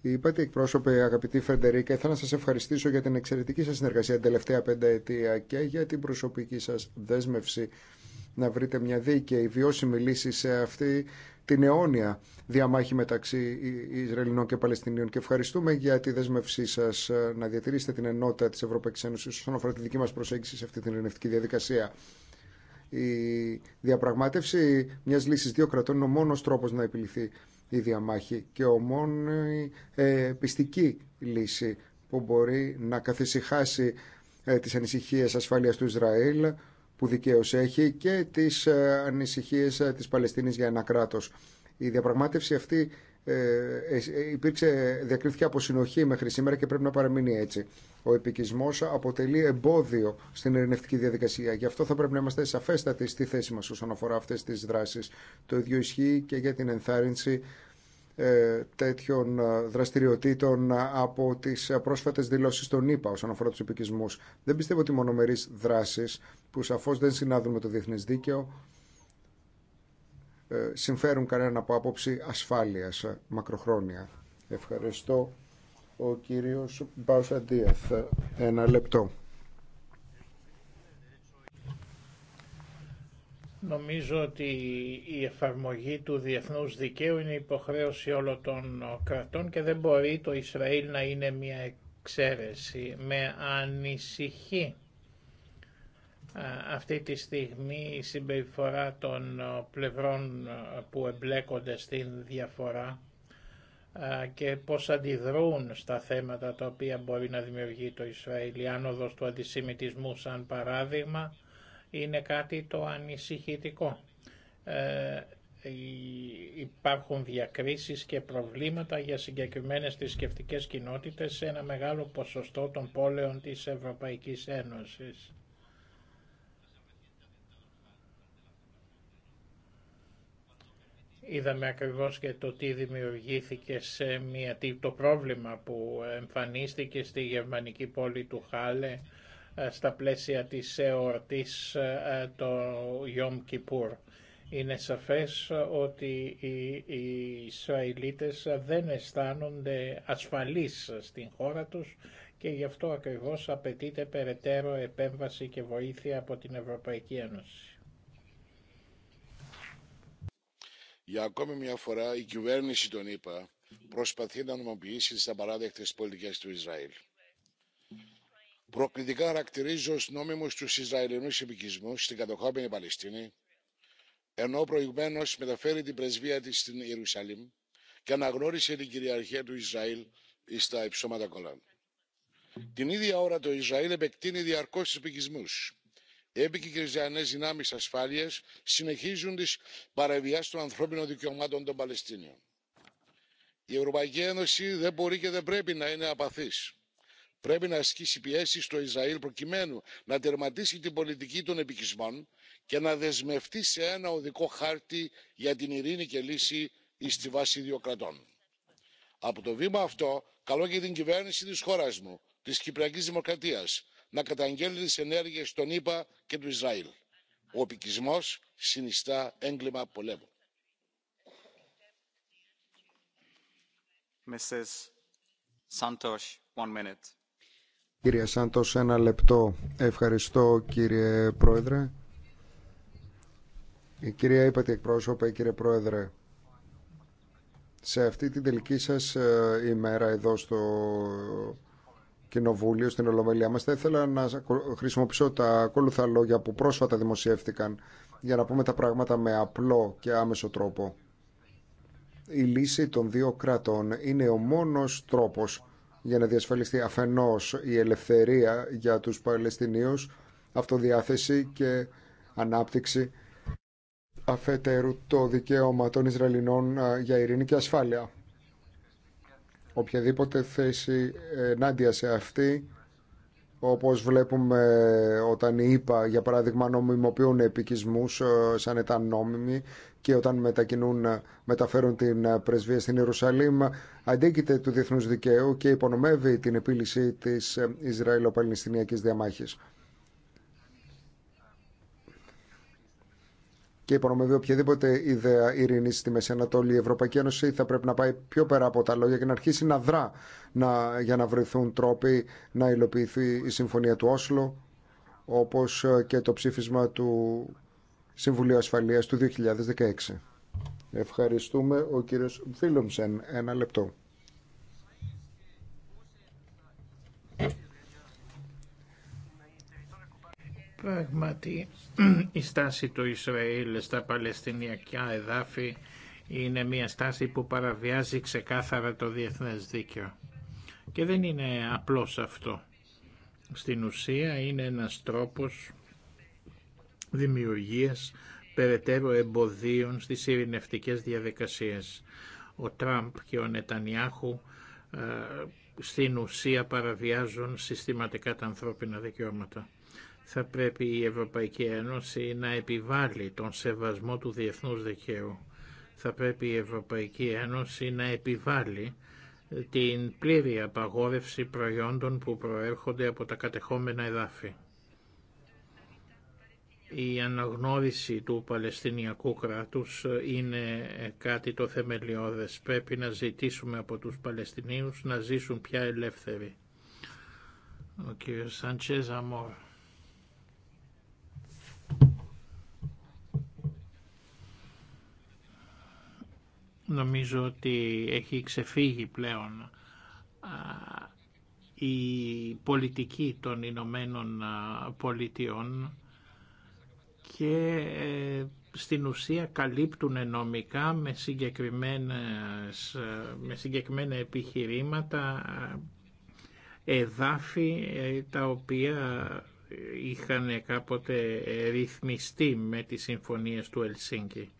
Είπατε εκπρόσωπε αγαπητή Φεντερίκα, ήθελα να σας ευχαριστήσω για την εξαιρετική σας συνεργασία την τελευταία αιτία και για την προσωπική σας δέσμευση να βρείτε μια δίκαιη βιώσιμη λύση σε αυτή την αιώνια διαμάχη μεταξύ Ισραηλινών και Παλαιστινίων και ευχαριστούμε για τη δέσμευσή σα ε, να διατηρήσετε την ενότητα τη Ευρωπαϊκή Ένωση όσον αφορά τη δική μα προσέγγιση σε αυτή την ειρηνευτική διαδικασία. Η διαπραγμάτευση μια λύση δύο κρατών είναι ο μόνο τρόπο να επιληθεί η διαμάχη και ο η ε, πιστική λύση που μπορεί να καθησυχάσει ε, τις ανησυχίες ασφαλείας του Ισραήλ που δικαίως έχει και τις ε, ανησυχίες ε, της Παλαιστίνης για ένα κράτος. Η διαπραγμάτευση αυτή ε, ε, ε, υπήρξε, διακρίθηκε από συνοχή μέχρι σήμερα και πρέπει να παραμείνει έτσι. Ο επικισμό αποτελεί εμπόδιο στην ειρηνευτική διαδικασία. Γι' αυτό θα πρέπει να είμαστε σαφέστατοι στη θέση μα όσον αφορά αυτέ τι δράσει. Το ίδιο ισχύει και για την ενθάρρυνση τέτοιων δραστηριοτήτων από τι πρόσφατε δηλώσει των ΗΠΑ όσον αφορά του επικισμού. Δεν πιστεύω ότι μονομερεί δράσει που σαφώ δεν συνάδουν με το διεθνέ δίκαιο ε, συμφέρουν κανέναν από άποψη ασφάλειας ε, μακροχρόνια. Ευχαριστώ ο κύριος Μπάουσα Ένα λεπτό. Νομίζω ότι η εφαρμογή του διεθνούς δικαίου είναι υποχρέωση όλων των κρατών και δεν μπορεί το Ισραήλ να είναι μια εξαίρεση. Με ανησυχεί ε, αυτή τη στιγμή η συμπεριφορά των ε, πλευρών ε, που εμπλέκονται στην διαφορά και πώς αντιδρούν στα θέματα τα οποία μπορεί να δημιουργεί το Ισραήλ. Η άνοδος του αντισημιτισμού σαν παράδειγμα είναι κάτι το ανησυχητικό. υπάρχουν διακρίσεις και προβλήματα για συγκεκριμένες θρησκευτικέ κοινότητες σε ένα μεγάλο ποσοστό των πόλεων της Ευρωπαϊκής Ένωσης. Είδαμε ακριβώς και το τι δημιουργήθηκε σε μια, το πρόβλημα που εμφανίστηκε στη γερμανική πόλη του Χάλε ε, στα πλαίσια της εορτής ε, ε, το Ιόμ Κιπούρ. Είναι σαφές ότι οι, οι Ισραηλίτες δεν αισθάνονται ασφαλείς στην χώρα τους και γι' αυτό ακριβώς απαιτείται περαιτέρω επέμβαση και βοήθεια από την Ευρωπαϊκή Ένωση. για ακόμη μια φορά η κυβέρνηση των ηπα προσπαθεί να νομιμοποιήσει τις απαράδεκτες πολιτικές του ισραήλ. προκλητικά χαρακτηρίζει ως νόμιμους τους ισραηλινούς επικισμούς στην κατοχόμενη παλαιστίνη ενώ προηγουμένως μεταφέρει την πρεσβεία της στην ιερουσαλήμ και αναγνώρισε την κυριαρχία του ισραήλ στα υψώματα κολάν. την ίδια ώρα το ισραήλ επεκτείνει διαρκώς τους επικισμούς οι επικυκλιζανές δυνάμεις ασφάλειας συνεχίζουν τις παραβιάσεις των ανθρώπινων δικαιωμάτων των παλαιστινίων. η ευρωπαϊκή ένωση δεν μπορεί και δεν πρέπει να είναι απαθής. πρέπει να ασκήσει πιέσει στο ισραήλ προκειμένου να τερματίσει την πολιτική των επικισμών και να δεσμευτεί σε ένα οδικό χάρτη για την ειρήνη και λύση εις τη βάση δύο κρατών. από το βήμα αυτό καλώ και την κυβέρνηση της χώρας μου της κυπριακής δημοκρατίας να καταγγέλνει τις ενέργειες των ηπα και του ισραήλ. ο οπικισμός συνιστά έγκλημα πολέμου. Κύριε Σάντος, ένα λεπτό. Ευχαριστώ κύριε Πρόεδρε. Η ε, κυρία είπατε εκπρόσωπε, κύριε Πρόεδρε. Σε αυτή την τελική σας ε, ημέρα εδώ στο Κοινοβούλιο, στην Ολομέλεια μας. Θα ήθελα να χρησιμοποιήσω τα ακόλουθα λόγια που πρόσφατα δημοσιεύτηκαν για να πούμε τα πράγματα με απλό και άμεσο τρόπο. Η λύση των δύο κρατών είναι ο μόνος τρόπος για να διασφαλιστεί αφενός η ελευθερία για τους Παλαιστινίους, αυτοδιάθεση και ανάπτυξη αφετέρου το δικαίωμα των Ισραηλινών ε, για ειρήνη και ασφάλεια οποιαδήποτε θέση ενάντια σε αυτή όπως βλέπουμε όταν οι ΙΠΑ για παράδειγμα νομιμοποιούν επικισμούς ε, σαν ήταν νόμιμοι και όταν μετακινούν, ε, μεταφέρουν την ε, πρεσβεία στην Ιερουσαλήμ αντίκειται του διεθνούς δικαίου και υπονομεύει την επίλυση της Ισραηλο-Παλαιστινιακής διαμάχης. και υπονομεύει οποιαδήποτε ιδέα ειρήνη στη Μέση Ανατολή. Η Ευρωπαϊκή Ένωση θα πρέπει να πάει πιο πέρα από τα λόγια και να αρχίσει να δρά να, για να βρεθούν τρόποι να υλοποιηθεί η Συμφωνία του Όσλο, όπω και το ψήφισμα του Συμβουλίου Ασφαλείας του 2016. Ευχαριστούμε ο κύριος Φίλομσεν. Ένα λεπτό. Πραγματι η στάση του Ισραήλ στα Παλαιστινιακά εδάφη είναι μια στάση που παραβιάζει ξεκάθαρα το διεθνές δίκαιο. Και δεν είναι απλώς αυτό. Στην ουσία είναι ένας τρόπος δημιουργίας περαιτέρω εμποδίων στις ειρηνευτικές διαδικασίες. Ο Τραμπ και ο Νετανιάχου ε, στην ουσία παραβιάζουν συστηματικά τα ανθρώπινα δικαιώματα θα πρέπει η Ευρωπαϊκή Ένωση να επιβάλλει τον σεβασμό του διεθνούς δικαίου. Θα πρέπει η Ευρωπαϊκή Ένωση να επιβάλλει την πλήρη απαγόρευση προϊόντων που προέρχονται από τα κατεχόμενα εδάφη. Η αναγνώριση του Παλαιστινιακού κράτους είναι κάτι το θεμελιώδες. Πρέπει να ζητήσουμε από τους Παλαιστινίους να ζήσουν πια ελεύθεροι. Ο κύριος Σαντσέζα Νομίζω ότι έχει ξεφύγει πλέον η πολιτική των Ηνωμένων Πολιτειών και ε, στην ουσία καλύπτουν νομικά με, συγκεκριμένες, ε, με συγκεκριμένα επιχειρήματα ε, εδάφη τα οποία είχαν κάποτε ρυθμιστεί με τις συμφωνίες του Ελσίνκη.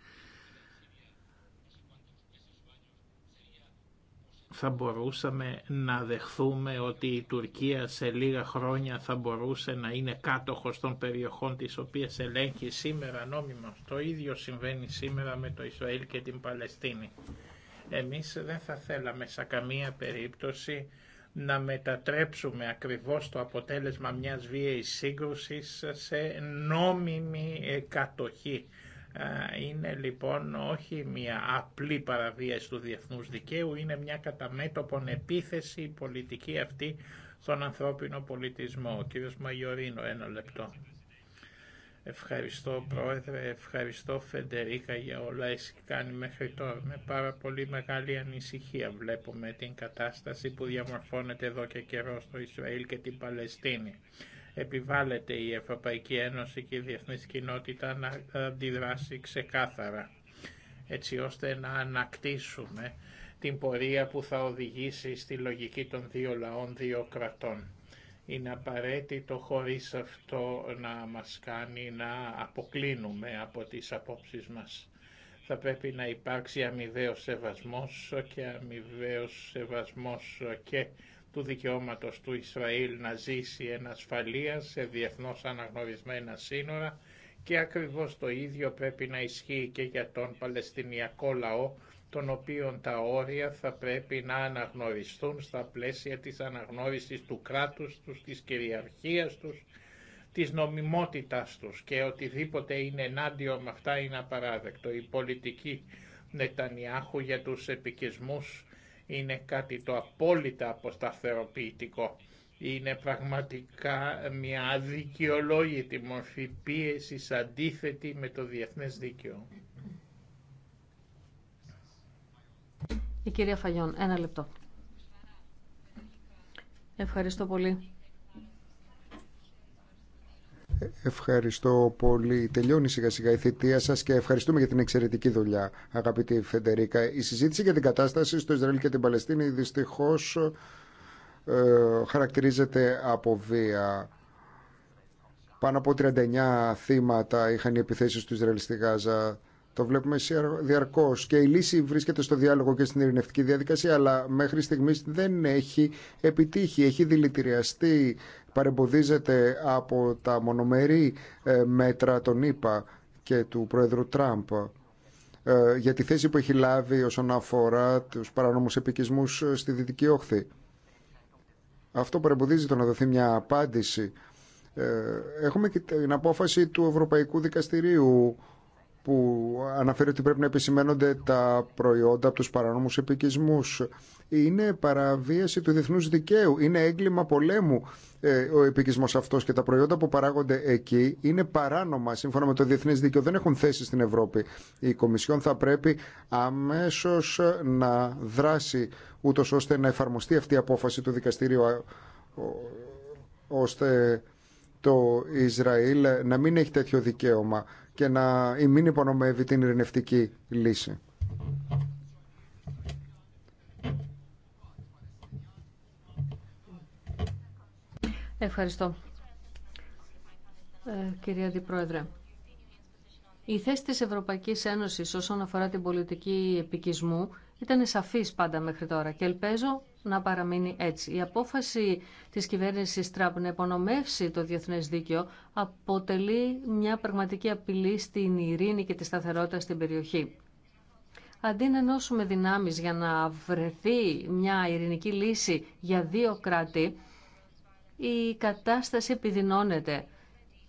θα μπορούσαμε να δεχθούμε ότι η Τουρκία σε λίγα χρόνια θα μπορούσε να είναι κάτοχος των περιοχών τις οποίες ελέγχει σήμερα νόμιμα. Το ίδιο συμβαίνει σήμερα με το Ισραήλ και την Παλαιστίνη. Εμείς δεν θα θέλαμε σε καμία περίπτωση να μετατρέψουμε ακριβώς το αποτέλεσμα μιας βίαιης σύγκρουσης σε νόμιμη κατοχή είναι λοιπόν όχι μια απλή παραβίαση του διεθνούς δικαίου, είναι μια κατά μέτωπον επίθεση πολιτική αυτή στον ανθρώπινο πολιτισμό. Ο κύριος Μαγιορίνο, ένα λεπτό. Ευχαριστώ Πρόεδρε, ευχαριστώ Φεντερίκα για όλα εσύ κάνει μέχρι τώρα. Με πάρα πολύ μεγάλη ανησυχία βλέπουμε την κατάσταση που διαμορφώνεται εδώ και καιρό στο Ισραήλ και την Παλαιστίνη επιβάλλεται η Ευρωπαϊκή Ένωση και η διεθνής κοινότητα να αντιδράσει ξεκάθαρα έτσι ώστε να ανακτήσουμε την πορεία που θα οδηγήσει στη λογική των δύο λαών, δύο κρατών. Είναι απαραίτητο χωρίς αυτό να μας κάνει να αποκλίνουμε από τις απόψεις μας. Θα πρέπει να υπάρξει αμοιβαίος σεβασμός και αμοιβαίος σεβασμός και του δικαιώματος του Ισραήλ να ζήσει εν ασφαλεία σε διεθνώς αναγνωρισμένα σύνορα και ακριβώς το ίδιο πρέπει να ισχύει και για τον Παλαιστινιακό λαό, τον οποίον τα όρια θα πρέπει να αναγνωριστούν στα πλαίσια της αναγνώρισης του κράτους τους, της κυριαρχίας τους, της νομιμότητάς τους και οτιδήποτε είναι ενάντια με αυτά είναι απαράδεκτο. Η πολιτική Νετανιάχου για τους επικισμούς είναι κάτι το απόλυτα αποσταθεροποιητικό. Είναι πραγματικά μια αδικαιολόγητη μορφή πίεσης αντίθετη με το διεθνές δίκαιο. Η κυρία Φαγιόν, ένα λεπτό. Ευχαριστώ πολύ. Ευχαριστώ πολύ. Τελειώνει σιγά σιγά η θητεία σας και ευχαριστούμε για την εξαιρετική δουλειά, αγαπητή Φεντερίκα. Η συζήτηση για την κατάσταση στο Ισραήλ και την Παλαιστίνη δυστυχώς ε, χαρακτηρίζεται από βία. Πάνω από 39 θύματα είχαν οι επιθέσει του Ισραήλ στη Γάζα το βλέπουμε διαρκώ. Και η λύση βρίσκεται στο διάλογο και στην ειρηνευτική διαδικασία, αλλά μέχρι στιγμή δεν έχει επιτύχει. Έχει δηλητηριαστεί, παρεμποδίζεται από τα μονομερή ε, μέτρα των ΗΠΑ και του Πρόεδρου Τραμπ ε, για τη θέση που έχει λάβει όσον αφορά τους παρανόμους επικισμούς ε, στη Δυτική Όχθη. Αυτό παρεμποδίζει το να δοθεί μια απάντηση. Έχουμε και την απόφαση του Ευρωπαϊκού Δικαστηρίου που αναφέρει ότι πρέπει να επισημένονται τα προϊόντα από τους παρανόμους επικισμούς. Είναι παραβίαση του διεθνούς δικαίου, είναι έγκλημα πολέμου ε, ο επικισμός αυτός και τα προϊόντα που παράγονται εκεί είναι παράνομα σύμφωνα με το διεθνές δίκαιο, δεν έχουν θέση στην Ευρώπη. Η Κομισιόν θα πρέπει αμέσως να δράσει ούτως ώστε να εφαρμοστεί αυτή η απόφαση του δικαστήριου ώστε το Ισραήλ ε, να μην έχει τέτοιο δικαίωμα και να ή μην υπονομεύει την ειρηνευτική λύση. Ευχαριστώ. Ε, κυρία Αντιπρόεδρε, θέση της Ευρωπαϊκής Ένωσης όσον αφορά την πολιτική ε κυρια Διπρόεδρε, ήταν σαφής πάντα μέχρι τώρα και ελπίζω να παραμείνει έτσι. Η απόφαση της κυβέρνησης Τραμπ να υπονομεύσει το διεθνές δίκαιο αποτελεί μια πραγματική απειλή στην ειρήνη και τη σταθερότητα στην περιοχή. Αντί να ενώσουμε δυνάμεις για να βρεθεί μια ειρηνική λύση για δύο κράτη, η κατάσταση επιδεινώνεται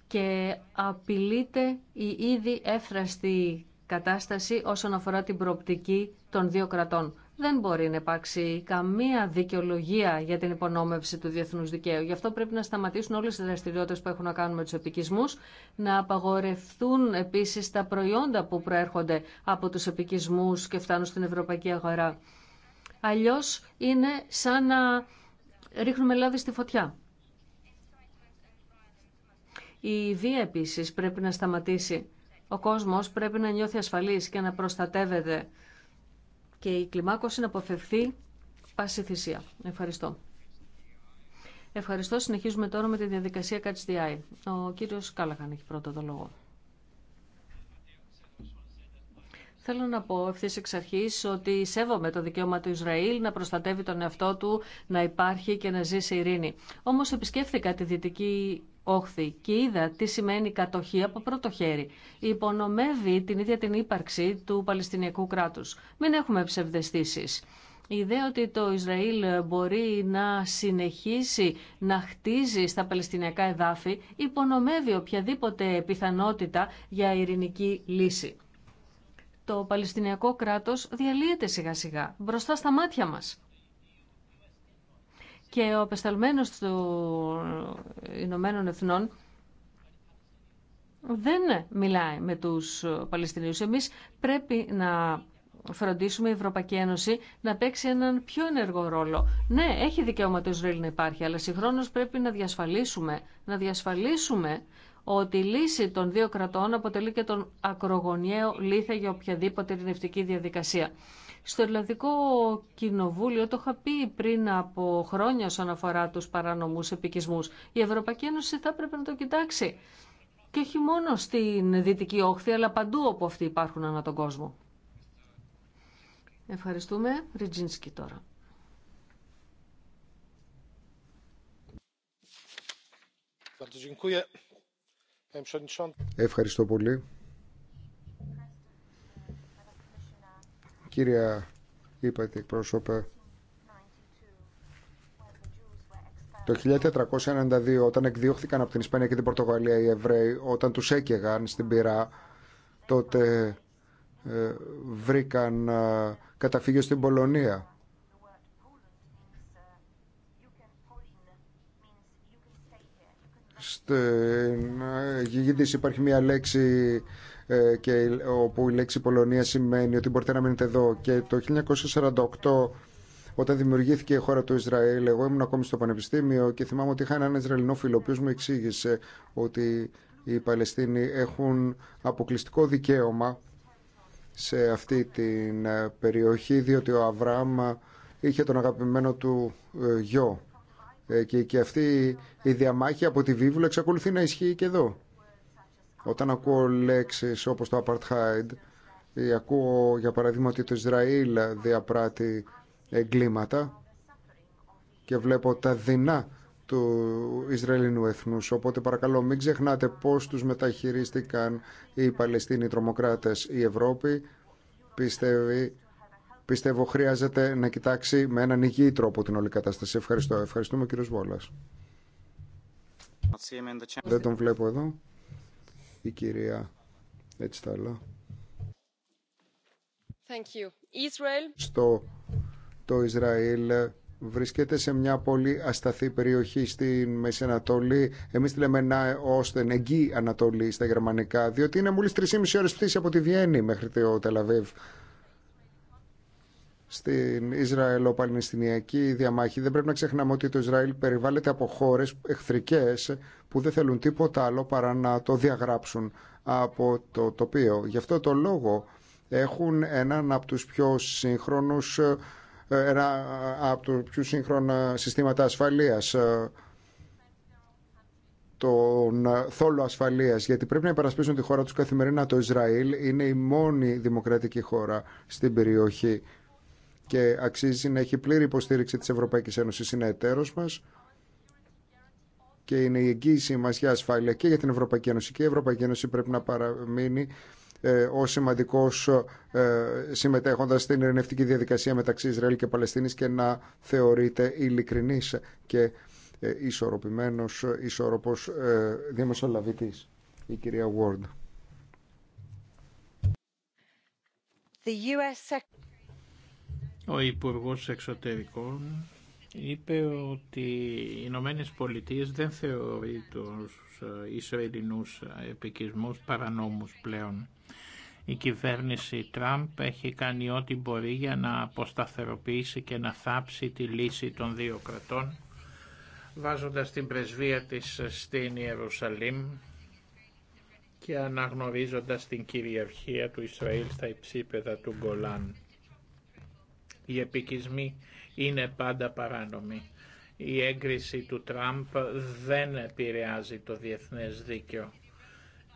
και απειλείται η ήδη έφραστη κατάσταση όσον αφορά την προοπτική των δύο κρατών δεν μπορεί να υπάρξει καμία δικαιολογία για την υπονόμευση του διεθνούς δικαίου. Γι' αυτό πρέπει να σταματήσουν όλες οι δραστηριότητε που έχουν να κάνουν με τους επικισμούς, να απαγορευτούν επίσης τα προϊόντα που προέρχονται από τους επικισμούς και φτάνουν στην ευρωπαϊκή αγορά. Αλλιώς είναι σαν να ρίχνουμε λάδι στη φωτιά. Η βία επίσης πρέπει να σταματήσει. Ο κόσμος πρέπει να νιώθει ασφαλής και να προστατεύεται και η κλιμάκωση να αποφευθεί πάση θυσία. Ευχαριστώ. Ευχαριστώ. Συνεχίζουμε τώρα με τη διαδικασία ΚΑΤΣΤΙΑΗ. Ο κύριος Κάλαχαν έχει πρώτο το λόγο. Θέλω να πω ευθύ εξ αρχή ότι σέβομαι το δικαίωμα του Ισραήλ να προστατεύει τον εαυτό του, να υπάρχει και να ζει σε ειρήνη. Όμω επισκέφθηκα τη Δυτική όχθη και είδα τι σημαίνει κατοχή από πρώτο χέρι. Υπονομεύει την ίδια την ύπαρξη του Παλαιστινιακού κράτους. Μην έχουμε ψευδεστήσεις. Η ιδέα ότι το Ισραήλ μπορεί να συνεχίσει να χτίζει στα Παλαιστινιακά εδάφη υπονομεύει οποιαδήποτε πιθανότητα για ειρηνική λύση. Το Παλαιστινιακό κράτος διαλύεται σιγά σιγά μπροστά στα μάτια μας. Και ο απεσταλμένος του Ηνωμένων Εθνών δεν μιλάει με τους Παλαιστινίους. Εμείς πρέπει να φροντίσουμε η Ευρωπαϊκή Ένωση να παίξει έναν πιο ενεργό ρόλο. Ναι, έχει δικαίωμα το Ισραήλ να υπάρχει, αλλά συγχρόνω πρέπει να διασφαλίσουμε, να διασφαλίσουμε ότι η λύση των δύο κρατών αποτελεί και τον ακρογωνιαίο λίθα για οποιαδήποτε ειρηνευτική διαδικασία. Στο Ελλαδικό Κοινοβούλιο το είχα πει πριν από χρόνια όσον αφορά τους παρανομούς επικισμούς. Η Ευρωπαϊκή Ένωση θα έπρεπε να το κοιτάξει. Και όχι μόνο στην Δυτική Όχθη, αλλά παντού όπου αυτοί υπάρχουν ανά τον κόσμο. Ευχαριστούμε. Ριτζίνσκι τώρα. Ευχαριστώ πολύ. Κύρια, είπατε εκπρόσωπε, το 1492 όταν εκδιώχθηκαν από την Ισπανία και την Πορτογαλία οι Εβραίοι, όταν τους έκαιγαν στην πυρά, τότε ε, βρήκαν ε, καταφύγιο στην Πολωνία. Στην ε, υπάρχει μια λέξη ε, και όπου η λέξη Πολωνία σημαίνει ότι μπορείτε να μείνετε εδώ. Και το 1948 όταν δημιουργήθηκε η χώρα του Ισραήλ, εγώ ήμουν ακόμη στο πανεπιστήμιο και θυμάμαι ότι είχα έναν Ισραηλινό φίλο, ο οποίο μου εξήγησε ότι οι Παλαιστίνοι έχουν αποκλειστικό δικαίωμα σε αυτή την ε, περιοχή, διότι ο Αβραάμ είχε τον αγαπημένο του ε, γιο. Και, και αυτή η διαμάχη από τη βίβλο εξακολουθεί να ισχύει και εδώ. Όταν ακούω λέξεις όπως το apartheid ή ακούω για παράδειγμα ότι το Ισραήλ διαπράττει εγκλήματα και βλέπω τα δεινά του Ισραηλινού εθνούς. Οπότε παρακαλώ μην ξεχνάτε πώς τους μεταχειρίστηκαν οι Παλαιστίνοι τρομοκράτες. Η Ευρώπη πιστεύει, πιστεύω χρειάζεται να κοιτάξει με έναν υγιή τρόπο την όλη κατάσταση. Ευχαριστώ. Ευχαριστούμε κύριο Βόλας. Δεν τον βλέπω εδώ η κυρία Israel. Στο το Ισραήλ βρίσκεται σε μια πολύ ασταθή περιοχή στην Μέση Ανατολή. Εμείς τη λέμε να εγγύη Ανατολή στα γερμανικά, διότι είναι μόλι 3,5 ώρες πτήση από τη Βιέννη μέχρι το Τελαβίβ στην Ισραηλο-Παλαιστινιακή διαμάχη. Δεν πρέπει να ξεχνάμε ότι το Ισραήλ περιβάλλεται από χώρε εχθρικέ που δεν θέλουν τίποτα άλλο παρά να το διαγράψουν από το τοπίο. Γι' αυτό το λόγο έχουν έναν από τους πιο σύγχρονους ε, ένα από τους πιο σύγχρονα συστήματα ασφαλείας ε, τον θόλο ασφαλείας γιατί πρέπει να υπερασπίσουν τη χώρα τους καθημερινά το Ισραήλ είναι η μόνη δημοκρατική χώρα στην περιοχή και αξίζει να έχει πλήρη υποστήριξη της Ευρωπαϊκής Ένωσης. Είναι εταίρος μας και είναι η εγγύηση μας για ασφάλεια και για την Ευρωπαϊκή Ένωση. Και η Ευρωπαϊκή Ένωση πρέπει να παραμείνει ε, ω σημαντικό ε, συμμετέχοντα στην ειρηνευτική διαδικασία μεταξύ Ισραήλ και Παλαιστίνης και να θεωρείται ειλικρινή και ε, ισορροπημένο, ισόρροπο ε, Η κυρία Ward. Ο Υπουργός Εξωτερικών είπε ότι οι Ηνωμένε Πολιτείε δεν θεωρεί τους ε, Ισραηλινούς επικισμούς παρανόμους πλέον. Η κυβέρνηση Τραμπ έχει κάνει ό,τι μπορεί για να αποσταθεροποιήσει και να θάψει τη λύση των δύο κρατών, βάζοντας την πρεσβεία της στην Ιερουσαλήμ και αναγνωρίζοντας την κυριαρχία του Ισραήλ στα υψίπεδα του Γκολάν. Οι επικισμοί είναι πάντα παράνομοι. Η έγκριση του Τραμπ δεν επηρεάζει το διεθνές δίκαιο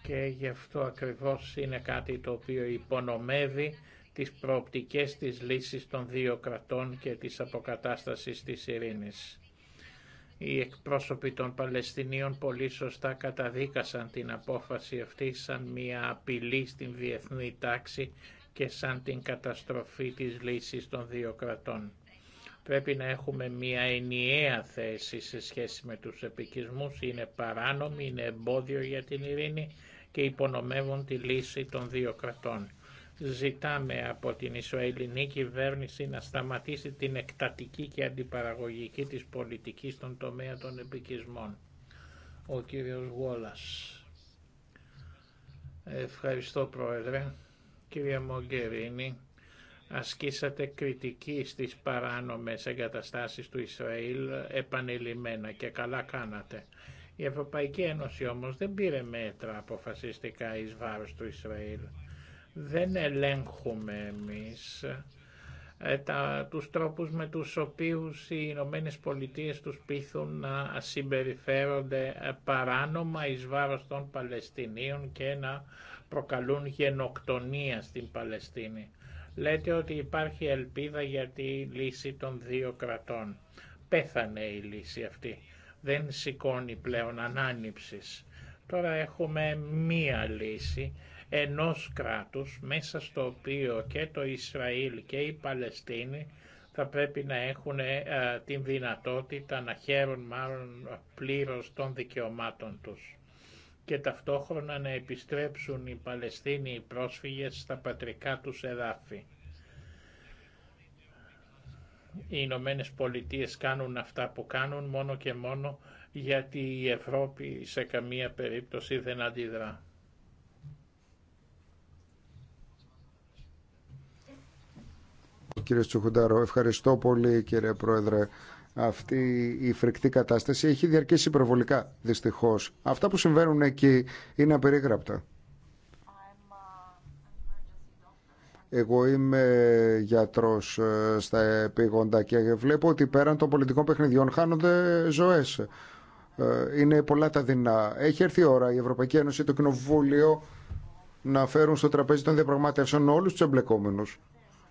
και γι' αυτό ακριβώς είναι κάτι το οποίο υπονομεύει τις προοπτικές της λύσης των δύο κρατών και της αποκατάστασης της ειρήνης. Οι εκπρόσωποι των Παλαιστινίων πολύ σωστά καταδίκασαν την απόφαση αυτή σαν μια απειλή στην διεθνή τάξη και σαν την καταστροφή της λύσης των δύο κρατών. Πρέπει να έχουμε μια ενιαία θέση σε σχέση με τους επικισμούς, είναι παράνομοι, είναι εμπόδιο για την ειρήνη και υπονομεύουν τη λύση των δύο κρατών. Ζητάμε από την Ισραηλινή κυβέρνηση να σταματήσει την εκτατική και αντιπαραγωγική της πολιτική στον τομέα των επικισμών. Ο κύριος Γόλας. Ευχαριστώ Πρόεδρε. Κυρία Μογκερίνη, ασκήσατε κριτική στις παράνομες εγκαταστάσεις του Ισραήλ επανειλημμένα και καλά κάνατε. Η Ευρωπαϊκή Ένωση όμως δεν πήρε μέτρα αποφασιστικά εις βάρος του Ισραήλ. Δεν ελέγχουμε εμείς ε, τα, τους τρόπους με τους οποίους οι Ηνωμένε Πολιτείες τους πείθουν να συμπεριφέρονται παράνομα εις βάρος των Παλαιστινίων και να προκαλούν γενοκτονία στην Παλαιστίνη. Λέτε ότι υπάρχει ελπίδα για τη λύση των δύο κρατών. Πέθανε η λύση αυτή. Δεν σηκώνει πλέον ανάνυψης. Τώρα έχουμε μία λύση ενός κράτους μέσα στο οποίο και το Ισραήλ και η Παλαιστίνη θα πρέπει να έχουν ε, την δυνατότητα να χαίρουν μάλλον πλήρως των δικαιωμάτων τους και ταυτόχρονα να επιστρέψουν οι Παλαιστίνοι οι πρόσφυγες στα πατρικά τους εδάφη. Οι Ηνωμένε Πολιτείε κάνουν αυτά που κάνουν μόνο και μόνο γιατί η Ευρώπη σε καμία περίπτωση δεν αντιδρά. Κύριε Τσουχουντάρο, ευχαριστώ πολύ κύριε Πρόεδρε αυτή η φρικτή κατάσταση έχει διαρκέσει υπερβολικά, δυστυχώς. Αυτά που συμβαίνουν εκεί είναι απερίγραπτα. Εγώ είμαι γιατρός ε, στα επίγοντα και βλέπω ότι πέραν των πολιτικών παιχνιδιών χάνονται ζωές. Ε, είναι πολλά τα δεινά. Έχει έρθει η ώρα η Ευρωπαϊκή Ένωση, το Κοινοβούλιο να φέρουν στο τραπέζι των διαπραγματεύσεων όλους τους εμπλεκόμενους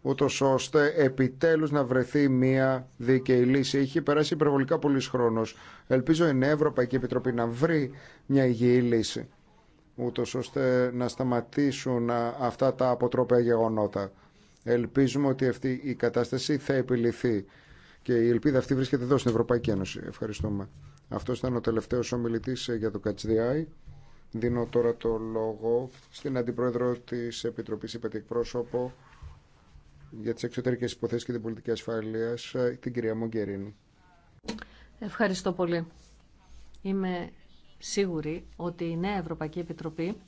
ούτω ώστε επιτέλου να βρεθεί μια δίκαιη λύση. Είχε περάσει υπερβολικά πολλή χρόνο. Ελπίζω η Ευρωπαϊκή Επιτροπή να βρει μια υγιή λύση, ούτω ώστε να σταματήσουν αυτά τα αποτρόπαια γεγονότα. Ελπίζουμε ότι αυτή η κατάσταση θα επιληθεί. Και η ελπίδα αυτή βρίσκεται εδώ στην Ευρωπαϊκή Ένωση. Ευχαριστούμε. Αυτό ήταν ο τελευταίο ομιλητή για το Catch Δίνω τώρα το λόγο στην Αντιπρόεδρο της Επιτροπής Υπετικπρόσωπο, για τις εξωτερικές υποθέσεις και την πολιτική ασφάλεια ε, την κυρία Μογκερίνη. Ευχαριστώ πολύ. Είμαι σίγουρη ότι η νέα Ευρωπαϊκή Επιτροπή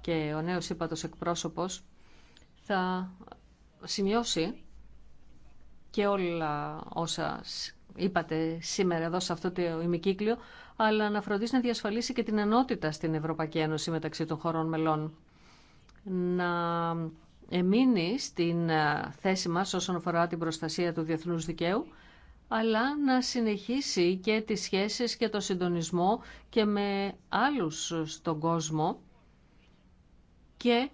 και ο νέος ύπατος εκπρόσωπος θα σημειώσει και όλα όσα είπατε σήμερα εδώ σε αυτό το ημικύκλιο, αλλά να φροντίσει να διασφαλίσει και την ενότητα στην Ευρωπαϊκή Ένωση μεταξύ των χωρών μελών. Να εμείνει στην ε, θέση μας όσον αφορά την προστασία του διεθνούς δικαίου, αλλά να συνεχίσει και τις σχέσεις και το συντονισμό και με άλλους στον κόσμο και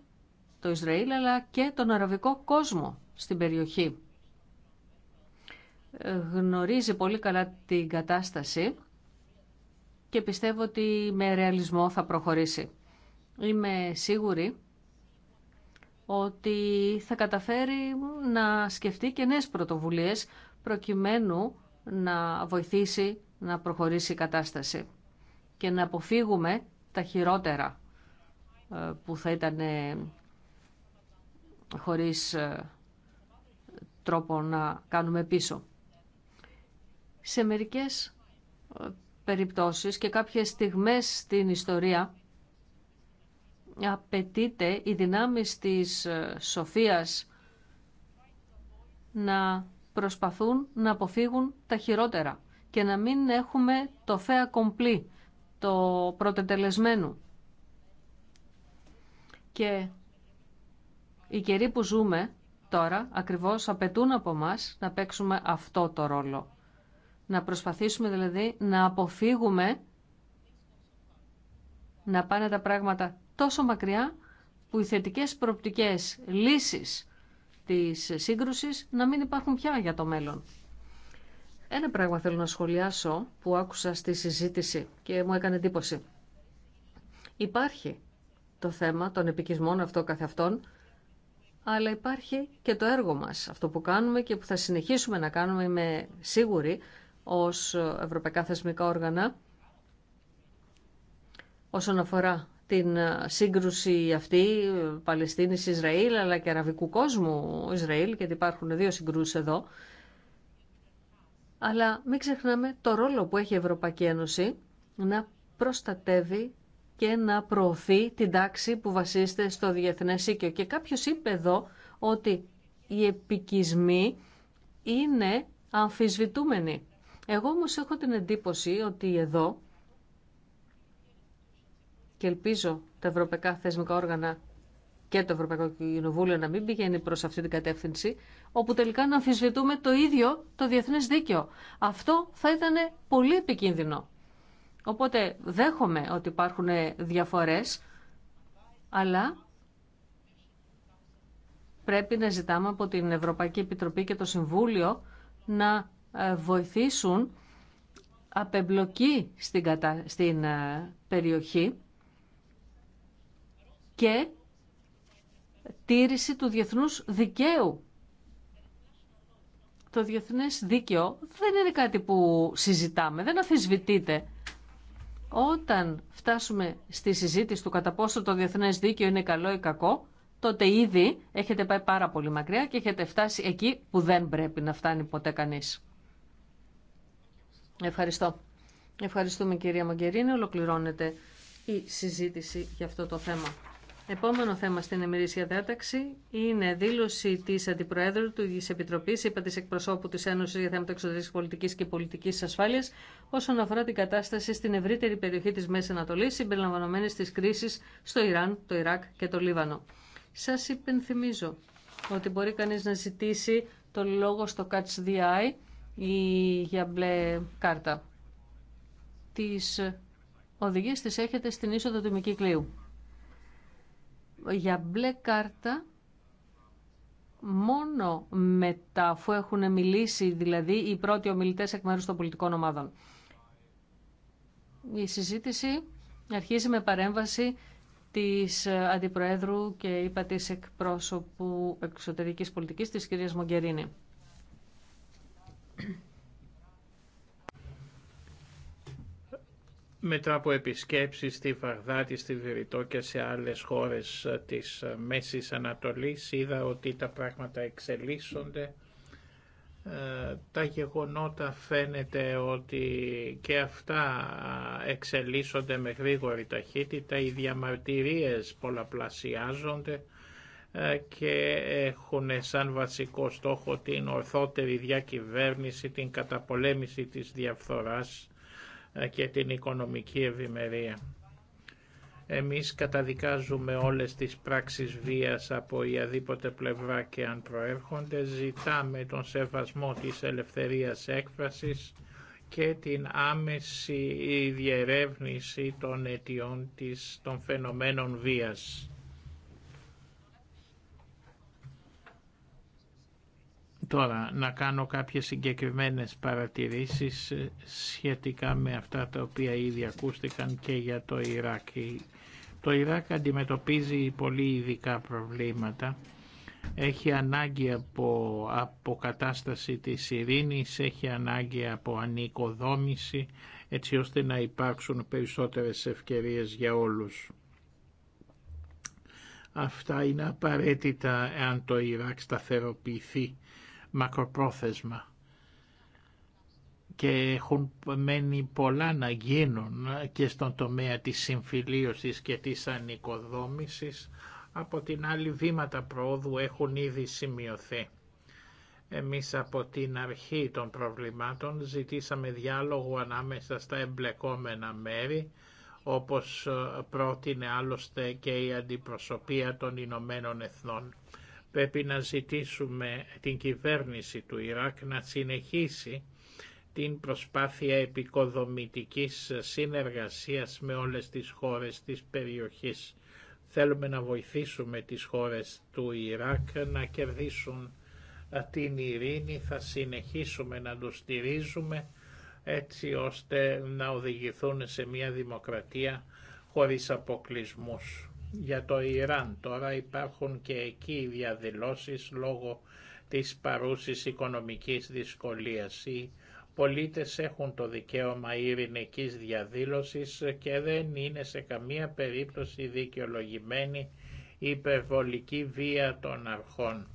το Ισραήλ αλλά και τον αραβικό κόσμο στην περιοχή. Ε, γνωρίζει πολύ καλά την κατάσταση και πιστεύω ότι με ρεαλισμό θα προχωρήσει. Είμαι σίγουρη ότι θα καταφέρει να σκεφτεί και νέες πρωτοβουλίες προκειμένου να βοηθήσει να προχωρήσει η κατάσταση και να αποφύγουμε τα χειρότερα ε, που θα ήταν ε, χωρίς ε, τρόπο να κάνουμε πίσω. Σε μερικές περιπτώσεις και κάποιες στιγμές στην ιστορία απαιτείται οι δυνάμεις της ε, σοφίας να προσπαθούν να αποφύγουν τα χειρότερα και να μην έχουμε το φέα κομπλή, το πρωτετελεσμένο. Και οι καιροί που ζούμε τώρα ακριβώς απαιτούν από μας να παίξουμε αυτό το ρόλο. Να προσπαθήσουμε δηλαδή να αποφύγουμε να πάνε τα πράγματα τόσο μακριά που οι θετικές προπτικές λύσεις της σύγκρουσης να μην υπάρχουν πια για το μέλλον. Ένα πράγμα θέλω να σχολιάσω που άκουσα στη συζήτηση και μου έκανε εντύπωση. Υπάρχει το θέμα των επικισμών αυτό καθεαυτόν, αλλά υπάρχει και το έργο μας, αυτό που κάνουμε και που θα συνεχίσουμε να κάνουμε, είμαι σίγουρη, ως ευρωπαϊκά θεσμικά όργανα, όσον αφορά την ε, σύγκρουση αυτή ε, Παλαιστίνης-Ισραήλ αλλά και αραβικού κόσμου Ισραήλ γιατί υπάρχουν δύο συγκρούσεις εδώ αλλά μην ξεχνάμε το ρόλο που έχει η Ευρωπαϊκή Ένωση να προστατεύει και να προωθεί την τάξη που βασίζεται στο διεθνές Και κάποιος είπε εδώ ότι οι επικισμοί είναι αμφισβητούμενοι. Εγώ όμως έχω την εντύπωση ότι εδώ και ελπίζω τα ευρωπαϊκά θεσμικά όργανα και το Ευρωπαϊκό Κοινοβούλιο να μην πηγαίνει προ αυτή την κατεύθυνση, όπου τελικά να αμφισβητούμε το ίδιο το διεθνέ δίκαιο. Αυτό θα ήταν πολύ επικίνδυνο. Οπότε δέχομαι ότι υπάρχουν διαφορές, αλλά πρέπει να ζητάμε από την Ευρωπαϊκή Επιτροπή και το Συμβούλιο να ε, βοηθήσουν απεμπλοκή στην, στην ε, περιοχή και τήρηση του διεθνούς δικαίου. Το διεθνές δίκαιο δεν είναι κάτι που συζητάμε, δεν αφισβητείται. Όταν φτάσουμε στη συζήτηση του κατά πόσο το διεθνές δίκαιο είναι καλό ή κακό, τότε ήδη έχετε πάει πάρα πολύ μακριά και έχετε φτάσει εκεί που δεν πρέπει να φτάνει ποτέ κανείς. Ευχαριστώ. Ευχαριστούμε κυρία Μαγκερίνη. Ολοκληρώνεται η συζήτηση για αυτό το θέμα. Επόμενο θέμα στην ημερήσια διάταξη είναι δήλωση τη Αντιπροέδρου τη Επιτροπή, είπα τη εκπροσώπου τη Ένωση για θέματα εξωτερική πολιτική και πολιτική ασφάλεια, όσον αφορά την κατάσταση στην ευρύτερη περιοχή τη Μέση Ανατολή, συμπεριλαμβανομένη τη κρίση στο Ιράν, το Ιράκ και το Λίβανο. Σα υπενθυμίζω ότι μπορεί κανεί να ζητήσει το λόγο στο Catch the Eye ή για μπλε κάρτα. Τι οδηγίε τι έχετε στην είσοδο του Μικυκλίου για μπλε κάρτα μόνο μετά, αφού έχουν μιλήσει δηλαδή οι πρώτοι ομιλητές εκ μέρους των πολιτικών ομάδων. Η συζήτηση αρχίζει με παρέμβαση της ε, Αντιπροέδρου και είπα της εκπρόσωπου εξωτερικής πολιτικής της κυρίας Μογκερίνη. μετά από επισκέψεις στη Βαγδάτη, στη Βηρητό και σε άλλες χώρες της Μέσης Ανατολής είδα ότι τα πράγματα εξελίσσονται. Ε, τα γεγονότα φαίνεται ότι και αυτά εξελίσσονται με γρήγορη ταχύτητα, οι διαμαρτυρίες πολλαπλασιάζονται ε, και έχουν σαν βασικό στόχο την ορθότερη διακυβέρνηση, την καταπολέμηση της διαφθοράς ε, και την οικονομική ευημερία. Εμείς καταδικάζουμε όλες τις πράξεις βίας από οποιαδήποτε πλευρά και αν προέρχονται, ζητάμε τον σεβασμό της ελευθερίας έκφρασης και την άμεση διερεύνηση των αιτιών της, των φαινομένων βίας. Τώρα να κάνω κάποιες συγκεκριμένες παρατηρήσεις ε, σχετικά με αυτά τα οποία ήδη ακούστηκαν και για το Ιράκ. Το Ιράκ αντιμετωπίζει πολύ ειδικά προβλήματα. Έχει ανάγκη από αποκατάσταση της ειρήνης, έχει ανάγκη από ανοικοδόμηση, έτσι ώστε να υπάρξουν περισσότερες ευκαιρίες για όλους. Αυτά είναι απαραίτητα εάν το Ιράκ σταθεροποιηθεί μακροπρόθεσμα και έχουν μένει πολλά να γίνουν και στον τομέα της συμφιλίωσης και της ανοικοδόμησης. Από την άλλη βήματα προόδου έχουν ήδη σημειωθεί. Εμείς από την αρχή των προβλημάτων ζητήσαμε διάλογο ανάμεσα στα εμπλεκόμενα μέρη, όπως πρότεινε άλλωστε και η αντιπροσωπεία των Ηνωμένων Εθνών. Πρέπει να ζητήσουμε την κυβέρνηση του Ιράκ να συνεχίσει την προσπάθεια επικοδομητικής συνεργασίας με όλες τις χώρες της περιοχής. Θέλουμε να βοηθήσουμε τις χώρες του Ιράκ να κερδίσουν την ειρήνη, θα συνεχίσουμε να το στηρίζουμε έτσι ώστε να οδηγηθούν σε μια δημοκρατία χωρίς αποκλεισμούς. Για το Ιράν τώρα υπάρχουν και εκεί διαδηλώσεις λόγω της παρούσης οικονομικής δυσκολίας. Οι πολίτες έχουν το δικαίωμα ειρηνικής διαδήλωσης και δεν είναι σε καμία περίπτωση δικαιολογημένη υπερβολική βία των αρχών.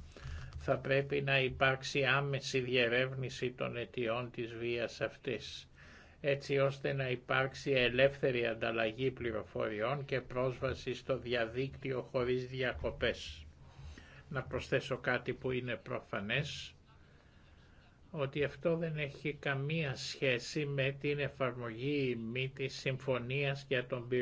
Θα πρέπει να υπάρξει άμεση διερεύνηση των αιτιών της βίας αυτής έτσι ώστε να υπάρξει ελεύθερη ανταλλαγή πληροφοριών και πρόσβαση στο διαδίκτυο χωρίς διακοπές. Να προσθέσω κάτι που είναι προφανές, ότι αυτό δεν έχει καμία σχέση με την εφαρμογή μη της Συμφωνίας για τον πυρο...